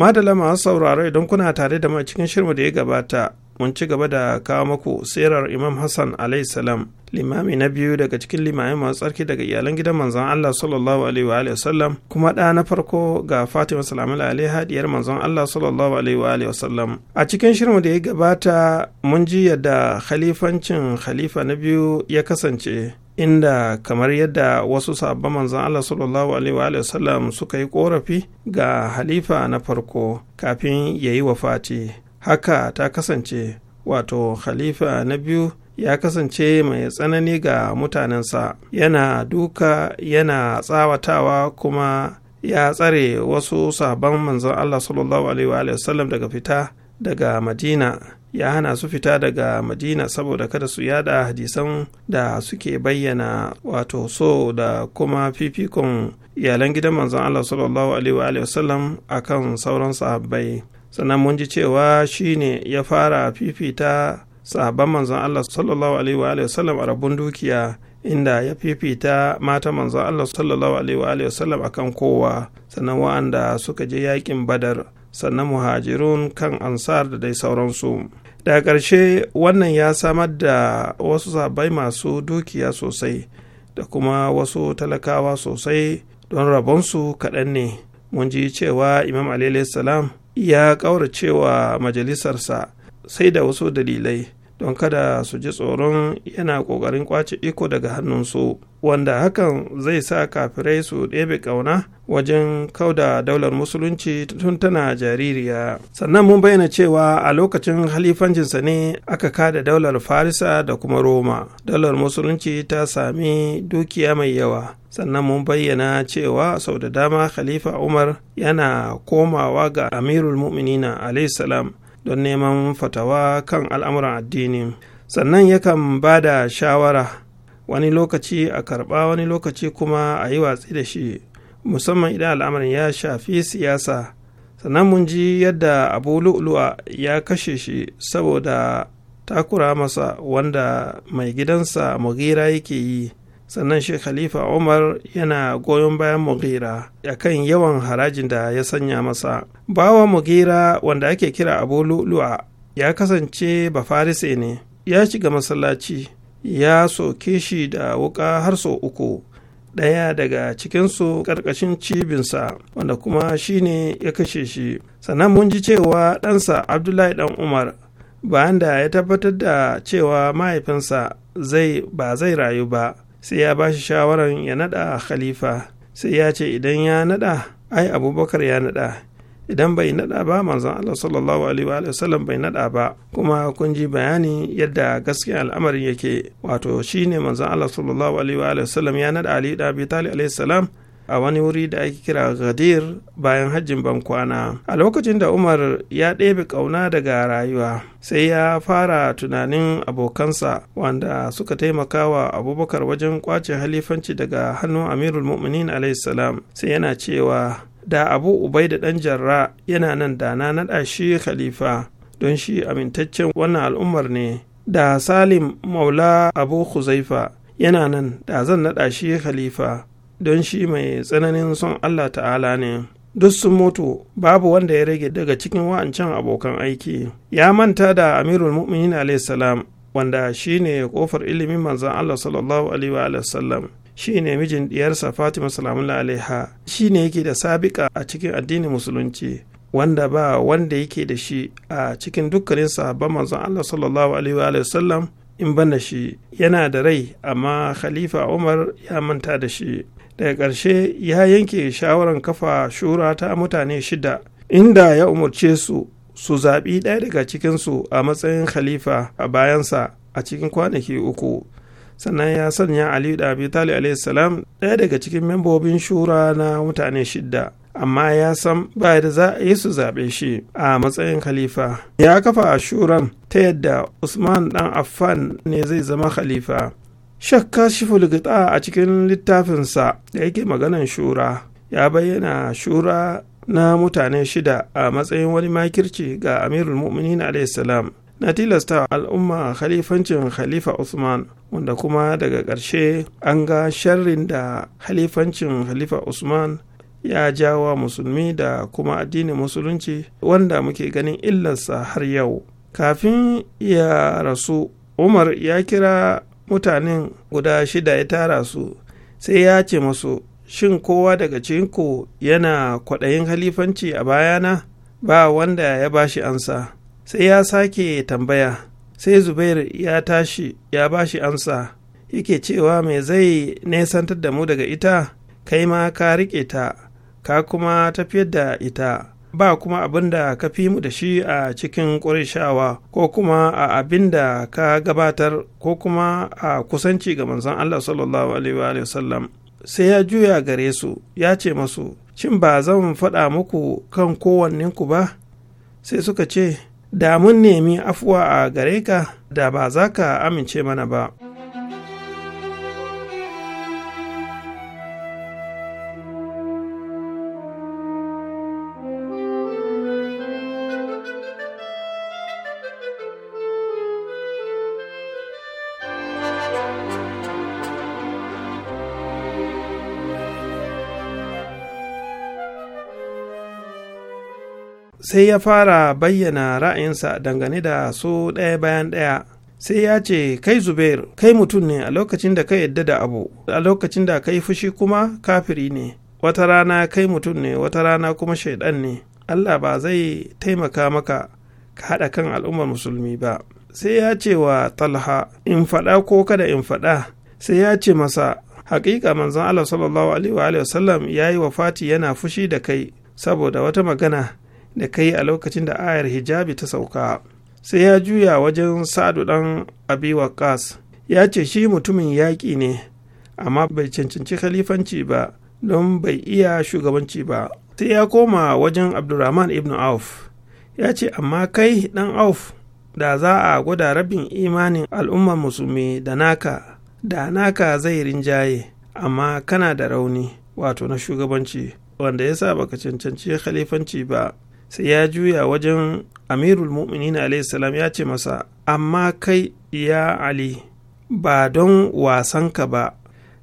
madala masu sauraro idan kuna tare da mai cikin shirma da ya gabata mun ci gaba da kawo maku sirar imam hassan salam limami na biyu daga cikin limami masu tsarki daga iyalan gidan manzon allah sallallahu alaihi wa sallam kuma ɗa na farko ga fatima salamu alaiha diyar manzon allah sallallahu alaihi wa sallam a cikin shirin da ya gabata mun ji yadda khalifancin khalifa na biyu ya kasance inda kamar yadda wasu sabon manzan Allah sallallahu alaihi sallam suka yi korafi ga halifa na farko kafin ya yi wafati haka ta kasance wato halifa na biyu ya kasance mai tsanani ga mutanensa yana duka yana tsawatawa kuma ya tsare wasu sabon manzan Allah sallallahu alaihi sallam daga fita daga madina ya hana su fita daga madina saboda kada su yada hadisan da suke bayyana wato so da kuma fifikon iyalan gidan manzon Allah sallallahu alaihi wasallam akan sauran sahabbai sannan mun ji cewa shi ne ya fara fifita sahabban manzon Allah sallallahu alaihi wasallam a rabun dukiya inda ya fifita mata manzon Allah sallallahu alaihi wasallam akan kowa sannan wa'anda suka je yakin badar sannan muhajirun kan ansar da dai sauransu daga ƙarshe wannan ya samar da wasu sabai masu dukiya sosai da kuma wasu talakawa sosai don rabonsu kaɗan ne mun ji cewa imam salam ya cewa majalisarsa sai da wasu dalilai don kada su ji tsoron yana ƙoƙarin ƙwace iko daga hannunsu wanda hakan zai sa kafirai su ɗebe ƙauna wajen kauda daular musulunci tun tana jaririya sannan mun bayyana cewa a lokacin halifancinsa ne aka kada daular farisa da kuma roma daular musulunci ta sami dukiya mai yawa sannan mun bayyana cewa sau da dama khalifa umar yana komawa ga amirul mu'minina salam don neman fatawa kan al'amuran addini sannan yakan ba da shawara wani lokaci a karɓa wani lokaci kuma a yi watsi da shi musamman idan al'amarin ya shafi siyasa sannan mun ji yadda abu lu'lu'a ya kashe shi saboda takura masa wanda mai gidansa mugira yake yi sannan shi khalifa umar yana goyon bayan mugira a kan yawan harajin da ya sanya masa bawa mugira wanda ake kira abu lu'lu'a ya kasance bafarise ne ya shiga masallaci ya soke shi da wuƙa har sau uku ɗaya daga cikinsu ƙarƙashin cibinsa wanda kuma shi ne ya kashe shi sannan mun ji cewa ɗansa abdullahi ɗan umar bayan da ya tabbatar da cewa mahaifinsa zai ba zai rayu ba sai ya ba shi shawarar ya naɗa khalifa sai ya ce idan ya naɗa ai abubakar ya naɗa idan bai nada ba manzon Allah sallallahu alaihi wa sallam bai nada ba kuma kun ji bayani yadda gaskiya al'amarin yake wato shine manzon Allah sallallahu alaihi wa sallam ya nada Ali da Abi Talib alaihi salam a wani wuri da ake kira Ghadir bayan hajjin bankwana. A lokacin da Umar ya ɗebe ƙauna daga rayuwa, sai ya fara tunanin abokansa wanda suka taimaka wa Abubakar wajen kwace halifanci daga hannun Amirul Mu'minin salam sai yana cewa da abu ubai da ɗan jarra yana nan da na naɗa shi khalifa don shi amintaccen wannan al'ummar ne da salim maula abu Kuzaifa yana nan da zan naɗa shi khalifa don shi mai tsananin son allah ta'ala ne duk sun mutu babu wanda ya rage daga cikin wa'ancan abokan aiki ya manta da amirul mu'minin salam wanda shi ne kofar ilimin manzon allah sallallahu alaihi wa sallam shi ne mijin diyarsa fatima salamullah alaiha shi ne yake da sabika a cikin addinin musulunci wanda ba wanda yake da shi a cikin dukkanin sahabban manzon allah sallallahu alaihi wa sallam in bana shi yana da rai amma khalifa umar ya manta da shi daga ƙarshe ya yanke shawarar kafa shura ta mutane shida inda ya umarce su su zaɓi ɗaya daga cikinsu a matsayin khalifa a bayansa a cikin kwanaki uku sannan ya sanya aliyu da abi talib salam ɗaya daga cikin membobin shura na mutane shidda amma ya san ba da za a yi su zaɓe shi a matsayin khalifa ya kafa a shuran ta yadda usman dan affan ne zai zama khalifa shakka shiful a cikin littafinsa da yake maganan shura ya bayyana shura na mutane shida a matsayin wani makirci ga amirul mu'minin salam na tilasta al'umma a khalifancin khalifa usman wanda kuma daga ƙarshe an ga sharrin da khalifancin khalifa usman ya jawa musulmi da kuma addinin musulunci wanda muke ganin illarsa har yau kafin ya rasu umar ya kira mutanen guda shida ya tara su sai ya ce masu shin kowa daga cikinku yana kwaɗayin halifanci a bayana ba wanda ya bashi ansa sai ya sake tambaya sai zubair ya tashi ya bashi amsa yake cewa mai zai nesantar da mu daga ita kai ma ka riƙe ta ka kuma tafiyar da ita ba kuma abin da ka fi mu da shi a cikin ƙurishawa ko kuma a abin da ka gabatar ko kuma a kusanci ga manzon Allah sallallahu alaihi wasallam sai ya juya gare su ya ce masu shin ba zan faɗa muku kan kowanninku ba sai suka ce da mun nemi afuwa a gare ka da ba za ka amince mana ba. sai ya fara bayyana ra'ayinsa dangane da su ɗaya bayan ɗaya sai ya ce kai zubair kai mutum ne a lokacin da ka yadda da abu a lokacin da ka yi fushi kuma kafiri ne wata rana kai mutum ne wata rana kuma shaidan ne allah ba zai taimaka maka ka haɗa kan al'ummar musulmi ba sai ya ce wa talha in faɗa ko kada in faɗa sai ya ce masa haƙiƙa manzon allah sallallahu alaihi wa sallam ya yi wa fati yana fushi da kai saboda wata magana da ka yi a lokacin da ayar hijabi ta sauka sai ya juya wajen sadu ɗan abi ya ce shi mutumin yaƙi ne amma bai cancanci khalifanci ba don bai iya shugabanci ba sai ya koma wajen abdurrahman ibn auf ya ce amma kai ɗan auf da za a gwada rabin imanin al'ummar musulmi da naka da naka zai rinjaye amma kana da rauni wato na shugabanci wanda ya sa baka cancanci khalifanci ba sai ya juya wajen amirul mu'minin salam ya ce masa amma kai ya ali ba don wasanka ba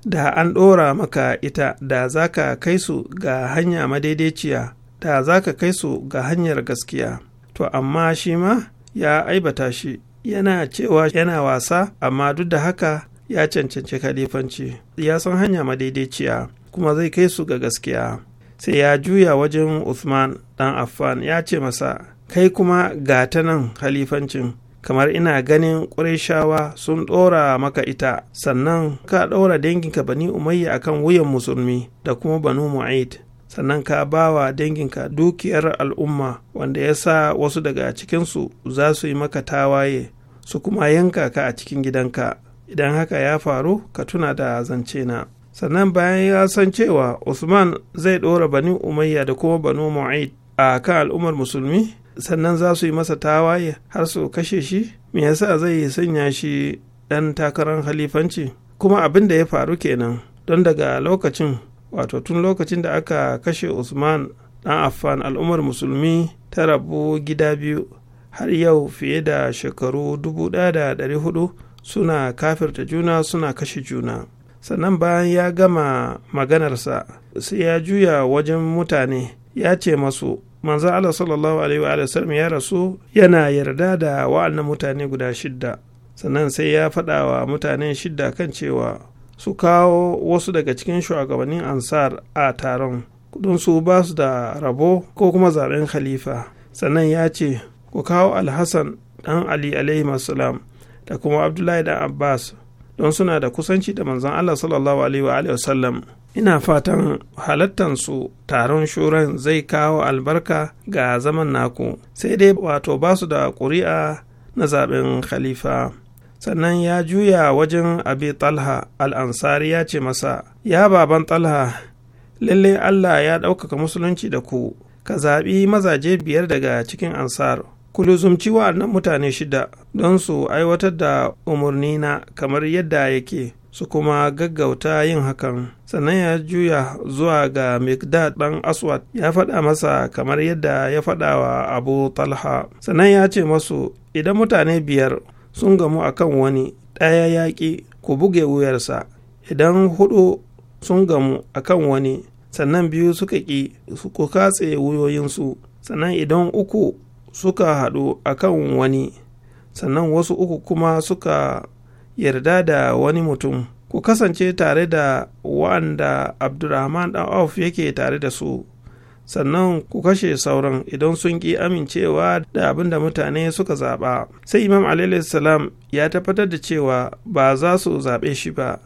da an ɗora maka ita da za ka kai su ga hanya madaidaiciya da za ka kai su ga hanyar gaskiya to amma shi ma ya aibata shi yana cewa yana wasa amma duk da haka ya cancanci kalifanci ya san hanya madaidaiciya kuma zai kai su ga gaskiya sai ya juya wajen usman ɗan Affan ya ce masa, Kai kuma ga ta nan halifancin, kamar ina ganin shawa sun ɗora maka ita, sannan ka ɗora danginka bani umayya akan wuyan musulmi da kuma banu mu'aid. sannan ka ba wa danginka dukiyar al'umma wanda ya sa wasu daga cikinsu za su yi maka tawaye su kuma yanka ka a cikin gidanka idan haka ya faru ka tuna da zance na sannan bayan ya san cewa usman zai ɗora bani umayya da kuma banu mu'id a kan al'ummar musulmi sannan za su yi masa tawaye har su kashe shi me yasa zai sanya shi ɗan takarar halifanci kuma abin da ya faru kenan don daga lokacin wato tun lokacin da aka kashe usman ɗan affan al'ummar musulmi ta rabu gida biyu har yau fiye da shekaru hudu suna kafirta juna suna kashe juna. sannan bayan ya gama maganarsa sai ya juya wajen mutane ya ce masu manzan Allah sallallahu alaihi wa sallam ya rasu yana yarda da wa'annan mutane guda shidda sannan sai ya faɗa wa mutanen shidda kan cewa su kawo wasu daga cikin shugabannin ansar a taron kudinsu ba su da rabo ko kuma zaben khalifa sannan ya ce ku kawo alhassan dan ali alaihi da kuma abdullahi dan abbas don suna da kusanci da manzon Allah sallallahu alaihi wa sallam ina fatan halattansu taron shuran zai kawo albarka ga zaman naku sai dai wato ba su da ƙuri'a na zaɓen khalifa sannan ya juya wajen abi talha al'ansari ya ce masa ya baban talha lallai Allah ya ɗaukaka musulunci da ku ka zaɓi mazaje biyar daga cikin ansar ku wa'annan mutane shida don su aiwatar da umarnina kamar yadda yake su kuma gaggauta yin hakan sannan ya juya zuwa ga mikdad ɗan aswad ya faɗa masa kamar yadda ya faɗa wa abu talha sannan ya ce masu idan mutane biyar sun gamu a kan wani ɗaya yaƙi ku buge wuyarsa idan hudu sun gamu a kan wani sannan biyu suka ƙi ku katse wuyoyinsu sannan idan uku suka haɗu a kan wani sannan wasu uku kuma suka yarda da wani mutum ku kasance tare da wanda abdulrahman dan auf yake tare da su sannan ku kashe sauran idan sun ƙi amincewa da abin da mutane suka zaɓa sai imam salam ya tabbatar da cewa ba za su zaɓe shi ba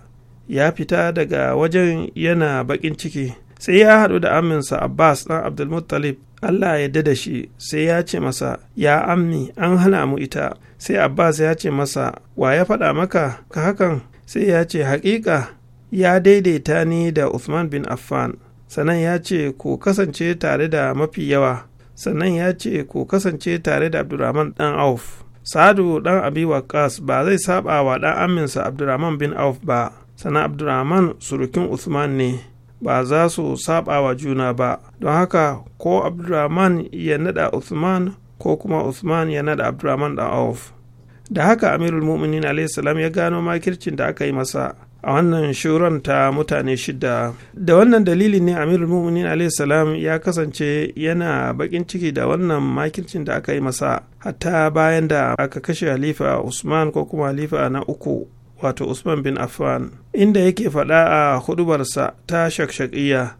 ya fita daga wajen yana baƙin ciki sai ya haɗu da aminsa abbas ɗan abdulmuttalib allah ya da shi sai ya ce masa ya ammi an hana mu ita sai abbas ya ce masa wa ya faɗa maka ka hakan sai ya ce haƙiƙa ya daidaita ni da Usman bin affan sannan ya ce ku kasance tare da mafi yawa sannan ya ce ku kasance tare da abdurrahman ɗan auf sa'adu ɗan abi waqas ba zai saba wa ɗan aminsa Abdulrahman bin auf ba sannan Abdulrahman surukin Usman ne ba za su saba wa juna ba don haka ko Abdulrahman ya nada Usman ko kuma uthman ya nada abdurrahman dan auf da haka amirul mu'minin salam ya gano makircin da aka yi masa a wannan shuran ta mutane shida da wannan dalilin ne amirul mu'minin salam ya kasance yana bakin ciki da wannan makircin da aka yi masa hatta bayan da aka kashe halifa usman ko kuma halifa na uku wato usman bin affan inda yake faɗa a hudubarsa ta shakshakiya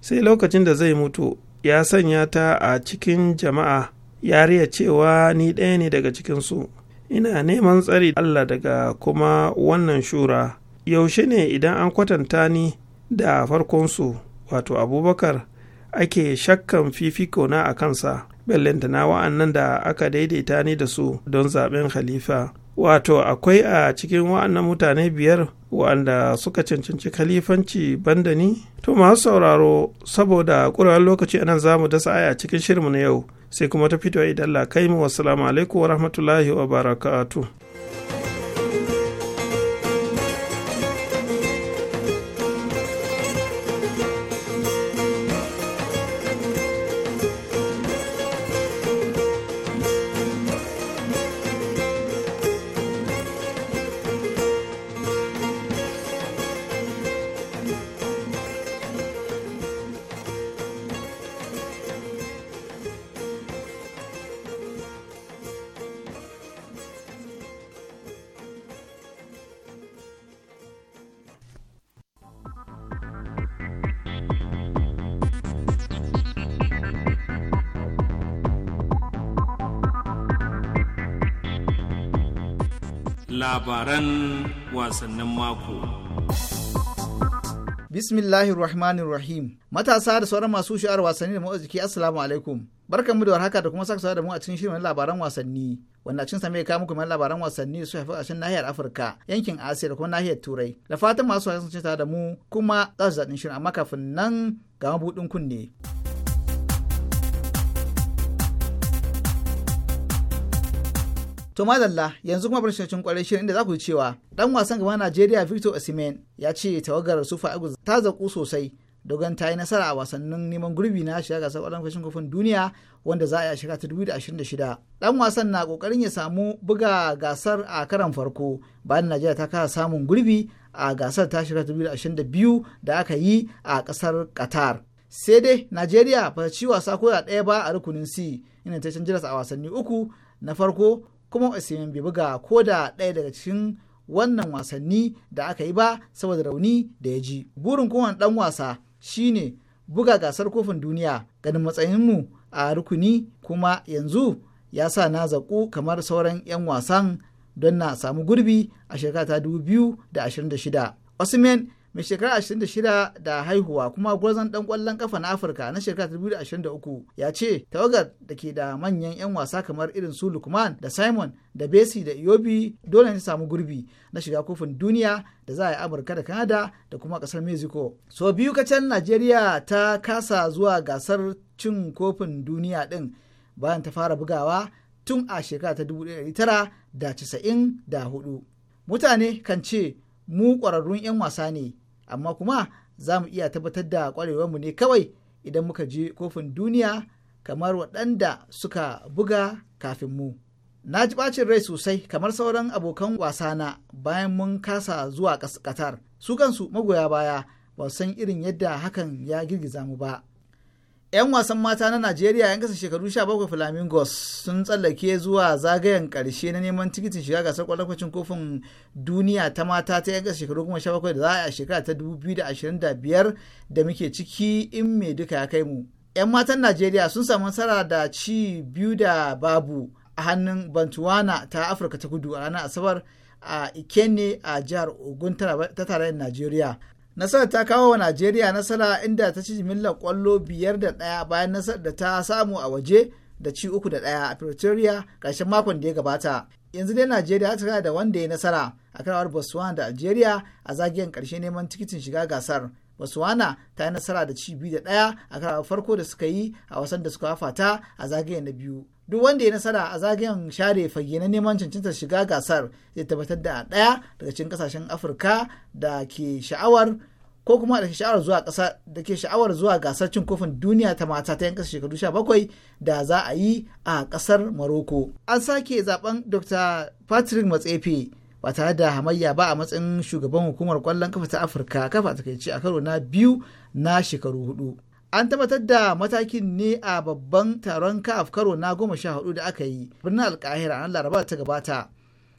sai lokacin da zai mutu ya sanya ta a cikin jama'a yariya cewa ni ɗaya ne daga cikinsu ina neman tsari allah daga kuma wannan shura yaushe ne idan an kwatanta ni da farkonsu wato abubakar ake shakkan fifiko na a kansa bellenta na wa'annan da aka daidaita ni da su don zaɓen khalifa wato akwai a cikin wa'annan mutane biyar wa'anda suka cancanci kalifanci banda ni to masu sauraro saboda ƙurewar lokaci anan za mu dasa aya cikin shirinmu na yau sai kuma ta fito idan la kai mu wasu alaikum wa rahmatullahi wa barakatu. labaran wasannin mako. Bismillahir rahmanir rahim. Matasa da sauran masu shi'ar wasanni da motsa jiki Assalamu alaikum. Barkanmu da warhaka da kuma saka da mu a cikin shirin labaran wasanni. Wannan cin sa mai kawo muku labaran wasanni su a cikin nahiyar Afirka, yankin Asiya da kuma nahiyar Turai. Da fatan masu wasan sun da mu kuma za su zaɗin shirin amma kafin nan ga mabuɗin kunne. To madalla yanzu kuma barshacin kwarai shirin inda za ku cewa dan wasan gaban Najeriya Victor Osimhen ya ce tawagar Sufa Eagles ta zaku sosai dogon ta yi nasara a wasannin neman gurbi na shiga gasar kwallon kofin duniya wanda za a shiga ta 2026. Dan wasan na kokarin ya samu buga gasar a karan farko bayan Najeriya ta kasa samun gurbi a gasar ta shiga ta 2022 da aka yi a kasar Qatar. Sai dai Najeriya ba ci wasa ko da ɗaya ba a rukunin C inda ta canjira a wasanni uku na farko kuma Osimhen bai buga ko da ɗaya daga cikin wannan wasanni da aka yi ba saboda rauni da ya ji. Burin kowane ɗan wasa shine buga gasar kofin duniya ganin matsayinmu a rukuni kuma yanzu ya sa na zaƙu kamar sauran 'yan wasan don na samu gurbi a shekara ta 2026. Osimhen mai shekara 26 da haihuwa kuma gwazon dan kwallon kafa na afirka na shekara 2023 ya ce tawagar da ke da manyan 'yan wasa kamar irin su lukman da simon da besi da iyobi dole ne samu gurbi na shiga kofin duniya da za a yi amurka da Kanada da kuma kasar mexico so biyu kacan najeriya ta kasa zuwa gasar cin kofin duniya din bayan ta fara bugawa tun a shekara ta 1994 mutane kan ce mu ƙwararrun 'yan wasa ne amma kuma za mu iya tabbatar da mu ne kawai idan muka je kofin duniya kamar waɗanda suka buga kafin mu. Na ji ɓacin rai sosai kamar sauran abokan wasana bayan mun kasa zuwa ƙasar. Su kansu magoya baya ba san irin yadda hakan ya girgiza mu ba. 'yan wasan mata na najeriya yan kasa shekaru 17 flamingos sun tsallake zuwa zagayen karshe na neman tikitin shiga gasar kwallon kofin duniya ta mata ta yan kasa shekaru 17 da za a shekara ta 2025 da muke ciki in mai duka ya kai mu 'yan matan najeriya sun samu nasara da ci biyu da babu a hannun bantuwana ta afirka ta kudu a ranar asabar a Ikenne a jihar ogun ta tarayyar najeriya nasarar ta kawo wa najeriya nasara inda ta ci jimillar kwallo biyar da ɗaya bayan nasarar da ta samu a waje da ci uku da ɗaya a pretoria ƙarshen makon da ya gabata yanzu dai najeriya ta da wanda ya nasara a karawar botswana da algeria a zagayen ƙarshe neman tikitin shiga gasar botswana ta yi nasara da ci biyu da ɗaya a karawar farko da suka yi a wasan da suka fata a zagayen na biyu duk wanda ya nasara a zagayen share fage na neman cancantar shiga gasar zai tabbatar da ɗaya daga cikin kasashen afirka da ke sha'awar ko kuma da ke sha'awar zuwa ƙasa da ke sha'awar zuwa gasar cin kofin duniya ta mata ta 'yan shekaru 17 da za a yi a ƙasar maroko an sake zaben dr patrick matsefe ba tare da hamayya ba a matsayin shugaban hukumar kwallon kafa ta afirka kafa takaici a karo na biyu na shekaru hudu an tabbatar da matakin ne a babban taron kaf karo na goma sha hudu da aka yi birnin alkahira ranar laraba ta gabata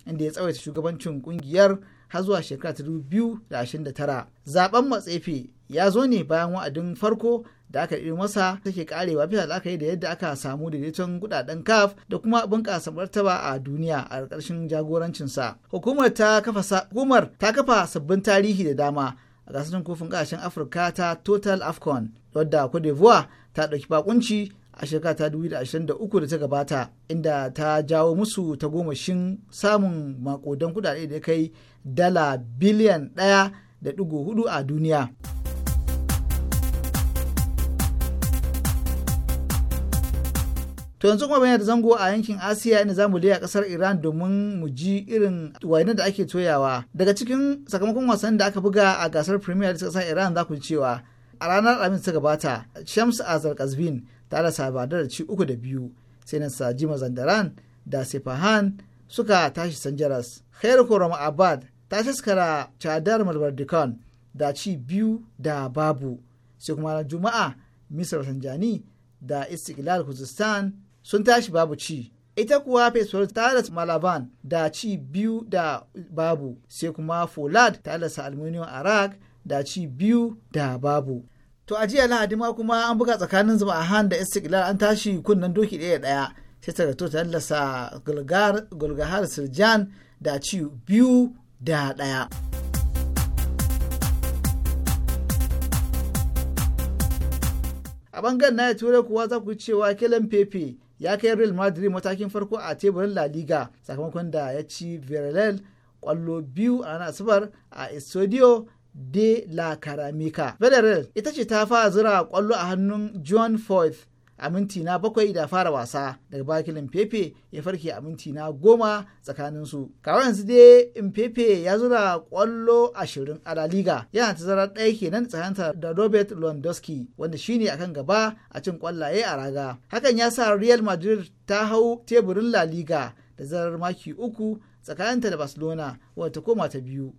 inda ya tsawaita shugabancin kungiyar har zuwa shekara ta biyu da ashirin da tara zaben matsefe ya zo ne bayan wa'adin farko da aka yi masa take karewa bisa yi da yadda aka samu daidaiton kudaden kaf da kuma bunƙasa martaba a duniya a ƙarshen jagorancinsa hukumar ta kafa ta kafa sabbin tarihi da dama a gasar kofin ƙasashen afirka ta total afcon wadda Cote d'Ivoire ta ɗauki bakunci a shekara ta 2023 da ta gabata inda ta jawo musu ta goma shin samun makodan kudade da kai dala biliyan ɗaya da ɗigo hudu a duniya. To yanzu kuma bayan da zango a yankin Asiya inda zamu a kasar Iran domin mu ji irin wainar da ake toyawa. Daga cikin sakamakon wasan da aka buga a gasar Premier da kasar Iran za ku ji cewa a ranar alhamis ta gabata shams azar kazbin ta da sabadar da ci uku da biyu sai na sajima zandaran da sefahan suka tashi sanjaras khairu koram abad ta taskara Chadar malbardikan da ci biyu da babu sai kuma ranar juma'a misar sanjani da istiklal kuzistan sun tashi babu ci ita kuwa fesuwar ta da malaban da ci biyu da babu sai kuma folad ta da aluminium arak da ci biyu da babu to a jiya lahadi ma kuma an buga tsakanin zuba a han da istiklal an tashi kunnen doki ɗaya ɗaya sai ta gato ta lalasa gulgahar sirjan da ci biyu da ɗaya. a bangaren na turai kuwa za ku cewa kelen pepe ya kai real madrid matakin farko a teburin la liga sakamakon da ya ci villarreal kwallo biyu a ranar asabar a estudio de la Caramika. Federer ita ce ta fara zira kwallo a hannun John Foyth a minti na bakwai da fara wasa daga bakilin Pepe ya farke a minti na goma tsakanin su Kawai yanzu dai Pepe ya zura kwallo ashirin a La Liga yana zarar ɗaya kenan tsakaninta da Robert Lewandowski wanda shine akan gaba a cin kwallaye a raga. Hakan ya sa Real Madrid ta hau teburin La Liga da zarar maki uku tsakaninta da Barcelona wadda ta koma ta biyu.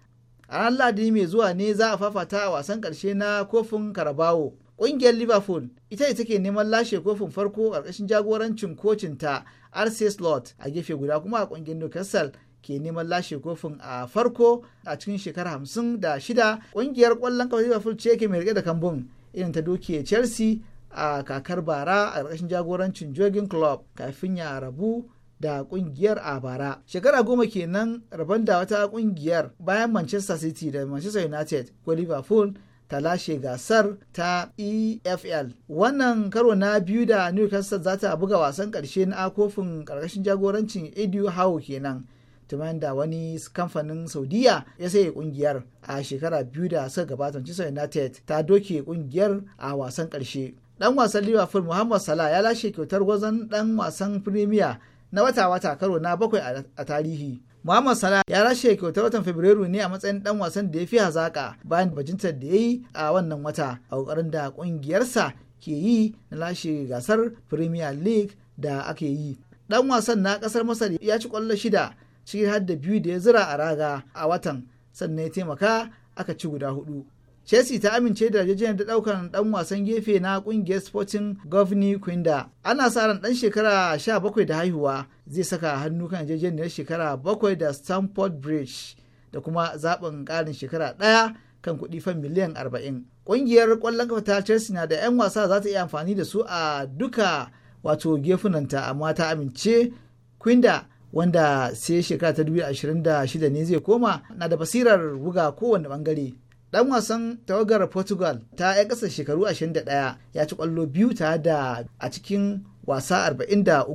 a ran mai zuwa ne za a fafata a wasan karshe na kofin karabawo ƙungiyar liverpool ita ita ke neman lashe kofin farko ƙarƙashin jagorancin kocinta RC slot a gefe guda kuma a ƙungiyar newcastle ke neman lashe kofin a farko a cikin shekara hamsin da shida ƙungiyar ƙwallon ƙafa liverpool ce ke mai rike da kambun irin ta doke chelsea a kakar bara a ƙarƙashin jagorancin Jurgen club kafin ya rabu da kungiyar a bara shekara goma kenan rabon da wata kungiyar bayan manchester city da manchester united ko liverpool ta lashe gasar ta efl wannan karo na biyu da newcastle za ta buga wasan karshe na kofin karkashin jagorancin edu howe kenan tumayin da wani kamfanin saudiya ya saye kungiyar a shekara biyu da suka gabata manchester united ta doke kungiyar a wasan karshe dan wasan liverpool muhammad salah ya lashe kyautar gwazon dan wasan premier na wata-wata karo na bakwai a tarihi. Muhammad Salah ya rashe kyautar watan Fabrairu ne a matsayin dan wasan da ya fi hazaƙa, bayan bajintar da ya yi a wannan wata a ƙoƙarin da ƙungiyarsa ke yi na lashe gasar Premier League da ake yi. Dan wasan na ƙasar Masar ya ci kwallo shida cikin har da biyu da ya zira a raga a watan sannan ya taimaka aka ci guda hudu. Chelsea ta amince da yarjejeniyar da daukar dan wasan gefe na kungiyar Sporting Govni Quinda. Ana sa ran dan shekara 17 da haihuwa zai saka hannu kan yarjejeniyar shekara 7 da Stamford Bridge da kuma zaɓin ƙarin shekara ɗaya kan kuɗi fan miliyan 40. Ƙungiyar ƙwallon kafa ta Chelsea na da 'yan wasa za ta iya amfani da su a duka wato gefunanta amma ta amince Quinda wanda sai shekara ta 2026 ne zai koma na da basirar buga kowane bangare. dan wasan tawagar portugal ta ya kasa shekaru 21 ya ci kwallo biyu tare da a cikin wasa 43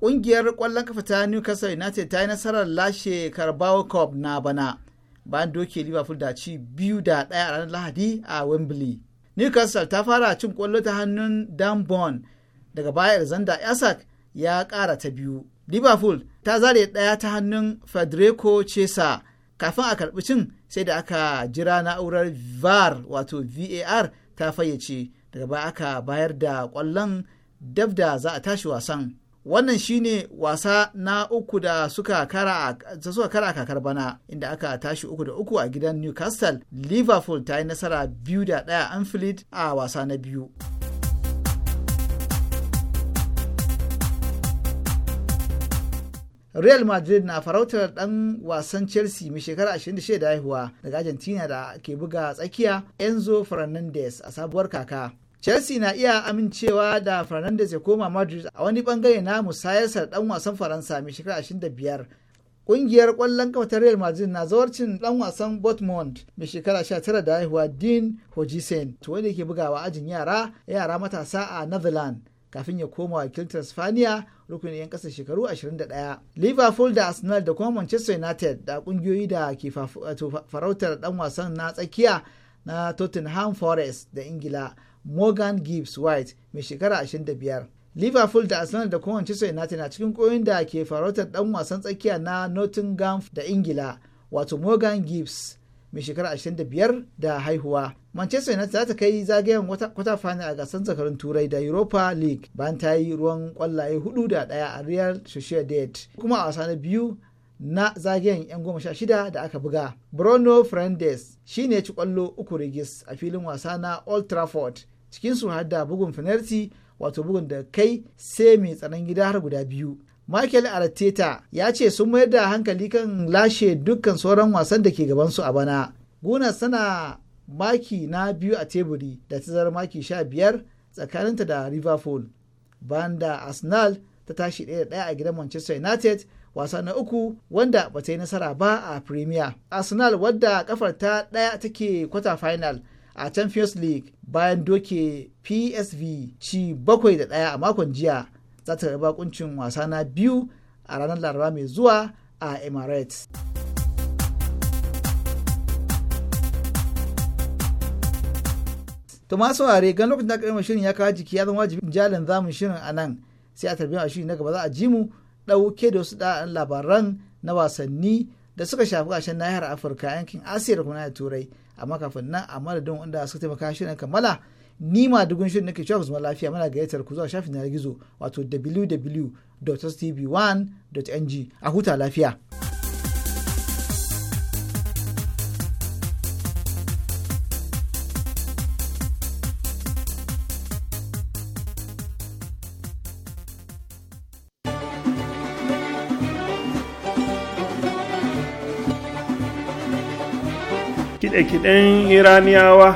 ƙungiyar kwallon kafa ta newcastle united ta yi nasarar lashe carabao cup na bana bayan doke liverpool da ci biyu da daya a ranar lahadi a wembley newcastle ta fara cin kwallo ta hannun dan bon daga baya alexander isak ya kara ta biyu liverpool ta zare ɗaya ta hannun federico chesa kafin a karbi cin sai da aka jira na'urar var wato var ta fayyace daga ba aka bayar da kwallon dab da za a tashi wasan wannan shine wasa na uku da suka kara suka kakar bana inda aka tashi uku da uku a gidan newcastle liverpool ta yi nasara biyu da daya anfield a wasa na biyu. real madrid na farautar ɗan wasan chelsea mai shekara 26 da haihuwa daga argentina da ke buga tsakiya enzo fernandez a sabuwar kaka chelsea na iya amincewa da fernandez ya koma madrid a wani bangare na musayarsa ɗan wasan faransa mai shekara 25 Ƙungiyar ƙwallon kafa ta Real Madrid na zawarcin ɗan wasan botmont mai shekara 19 da haihuwa Dean Hojisen, wanda ke bugawa ajin yara yara matasa a Netherlands. kafin ya koma wakiltar Sifaniya, rukuni 'yan ƙasa shekaru 21. Liverpool da Arsenal da kuma Manchester United da ƙungiyoyi da ke farautar ɗan wasan na tsakiya na Tottenham Forest da Ingila Morgan Gibbs White mai shekara 25. Liverpool da Arsenal da kuma Manchester United na cikin ƙungiyoyin da ke farautar ɗan wasan tsakiya na Nottingham da Ingila wato Morgan Gibbs mai shekara 25 da haihuwa manchester united za ta kai zagayen kwata final a gasar zakarun turai da europa league bayan ta yi ruwan kwallaye hudu da daya a real sociedad kuma a wasa na biyu na zagayen 'yan goma sha shida da aka buga. Bruno Fernandes shine ne ci kwallo uku rigis a filin wasa na Old Trafford su har da bugun finarti wato bugun da kai sai mai tsanan gida har guda biyu. Michael Arteta ya ce sun mayar da hankali kan lashe dukkan sauran wasan da ke gabansu a bana. Gunas tana maki na biyu a teburi da tazarar maki sha biyar tsakaninta da liverpool banda arsenal ta tashi ɗaya ɗaya a gidan manchester united wasa na uku wanda ba ta yi nasara ba a premier arsenal wadda kafar ta ɗaya take kwata final a champions league bayan doke psv ci bakwai da ɗaya a makon jiya za ta raba kuncin wasa na biyu a ranar laraba mai zuwa a emirates to ma saurare gan lokacin da aka shirin ya kawo jiki ya zama wajibi jalin zamun shirin a nan sai a tarbiyyar a shiri na gaba za a ji mu ɗauke da wasu ɗa'an labaran na wasanni da suka shafi ƙarshen nahiyar afirka yankin asiya da kuma turai amma kafin nan a madadin wanda suka taimaka shirin kammala ni ma dugun shirin nake cewa zuma lafiya mana gayyatar ku zuwa shafin na gizo wato www.tv1.ng a huta lafiya. kiɗe-kiɗen iraniyawa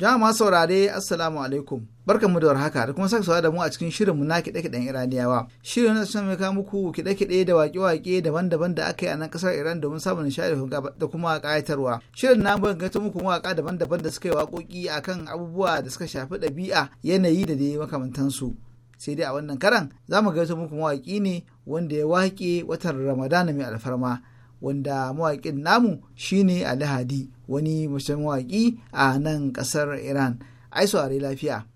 jama'a saurare assalamu alaikum barkan mu da warhaka da kuma saka da mu a cikin shirinmu na kiɗe-kiɗen iraniyawa shirin na sun mai muku kiɗe-kiɗe da waƙe-waƙe daban-daban da aka yi a nan ƙasar iran domin samun nishaɗi da kuma ƙayatarwa shirin na mu gato muku waƙa daban-daban da suka yi waƙoƙi akan abubuwa da suka shafi ɗabi'a yanayi da dai makamantansu sai dai a wannan karan za mu gaisa muku mawaƙi ne wanda ya waƙe watan ramadana mai alfarma wanda mawaƙin namu shine ne wani musulman mawaƙi a nan ƙasar Iran. Ai saurari lafiya.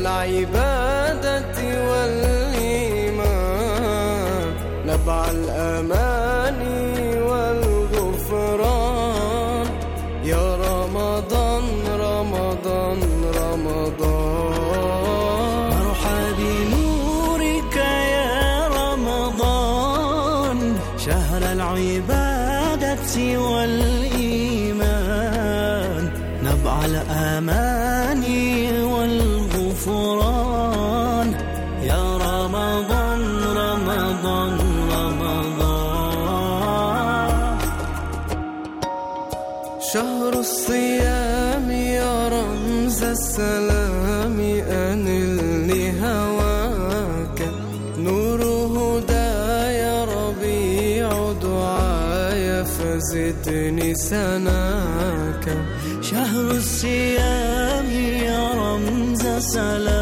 العبادة والإيمان نبع الأمان والغفران يا رمضان رمضان رمضان أرحى بنورك يا رمضان شهر العبادة والإيمان نبع الأمان سناك شهر الصيام يا رمز سلام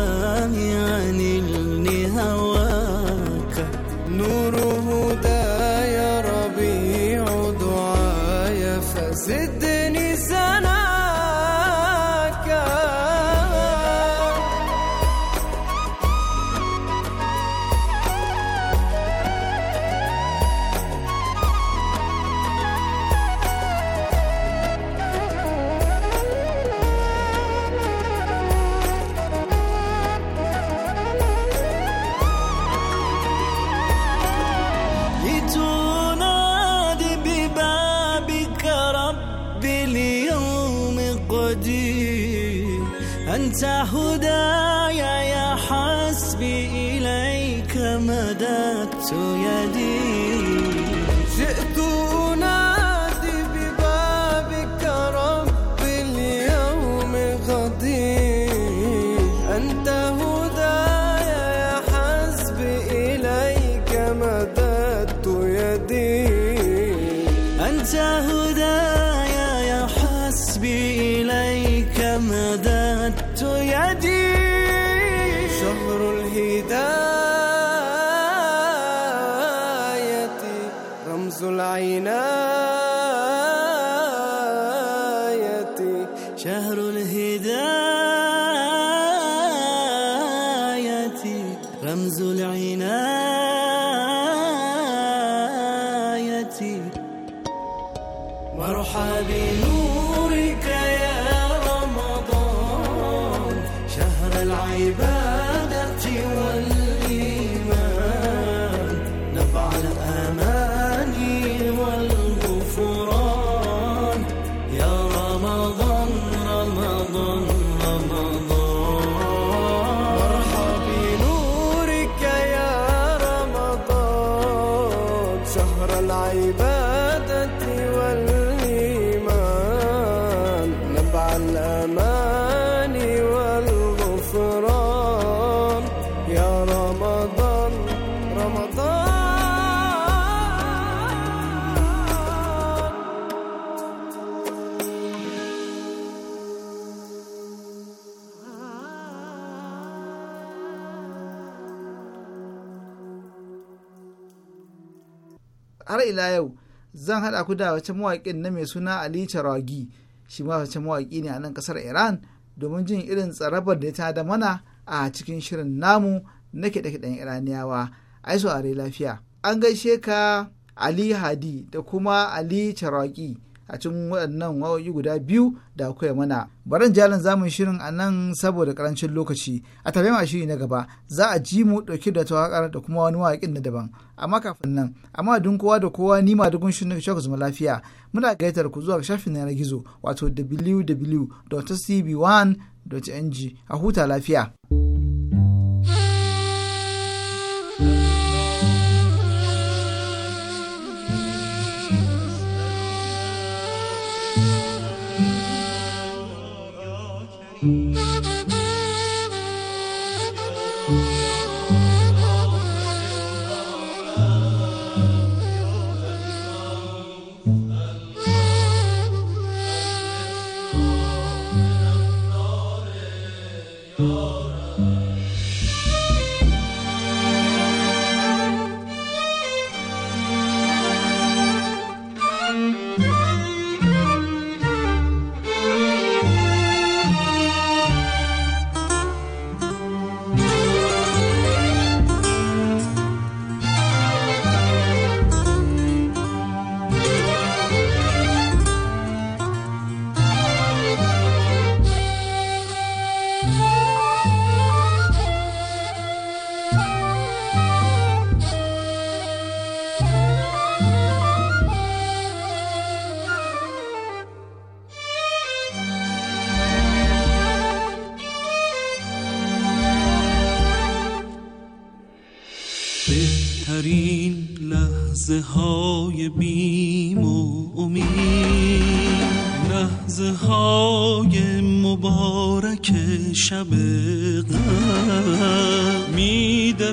ila yau zan haɗa ku da wacce mawaƙin na mai suna Ali Charagi shi ma wacce mawaƙi ne a nan ƙasar Iran domin jin irin tsarabar da ta da mana a cikin shirin namu na kiɗe-kiɗen Iraniyawa ai are lafiya an gaishe ka Ali Hadi da kuma Ali Charagi a cikin waɗannan wawoyi guda biyu da akwai mana baran jalin zamun shirin a nan saboda karancin lokaci a tafiya ma shiri na gaba za a ji mu ɗauki da tawakar da kuma wani waƙin na daban amma kafin nan amma dun kowa da kowa ni ma dukun shirin shaka zuma lafiya muna gaitar ku zuwa shafin na gizo wato wwwtcb 1ng a huta lafiya.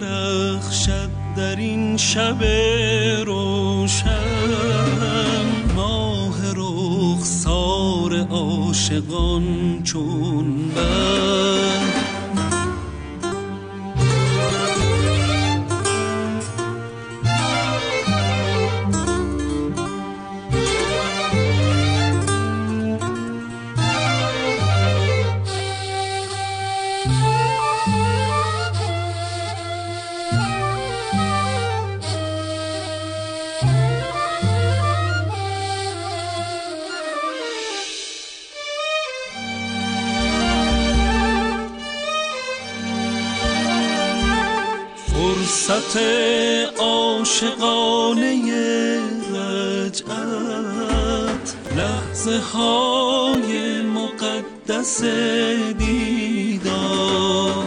درخشد در این شب روشن ماه سار عاشقان چون بر عاشقانه رجعت لحظه های مقدس دیدار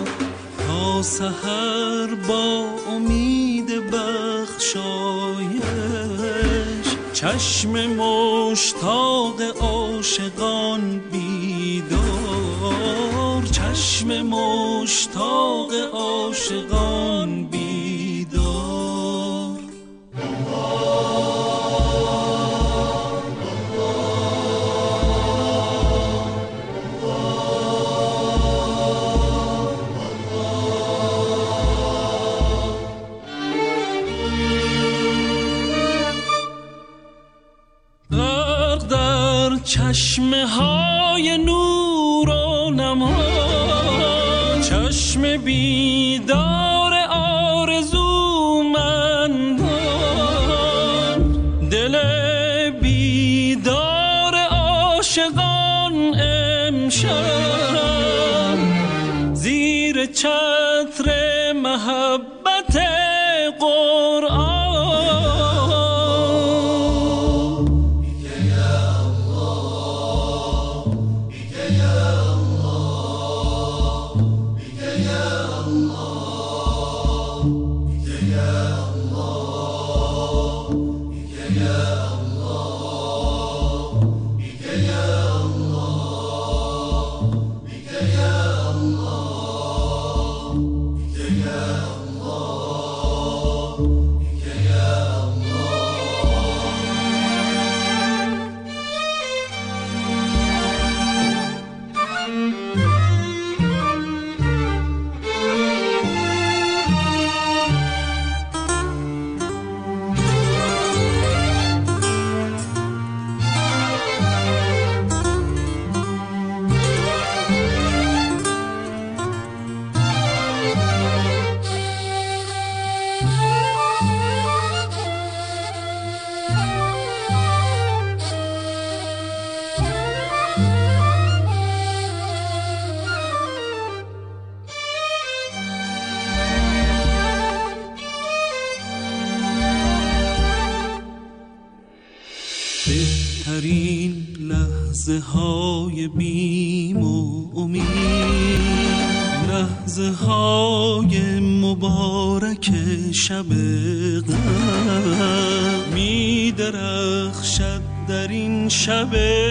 تا سهر با امید بخشایش چشم ما return. شب غم می درخشد در این شب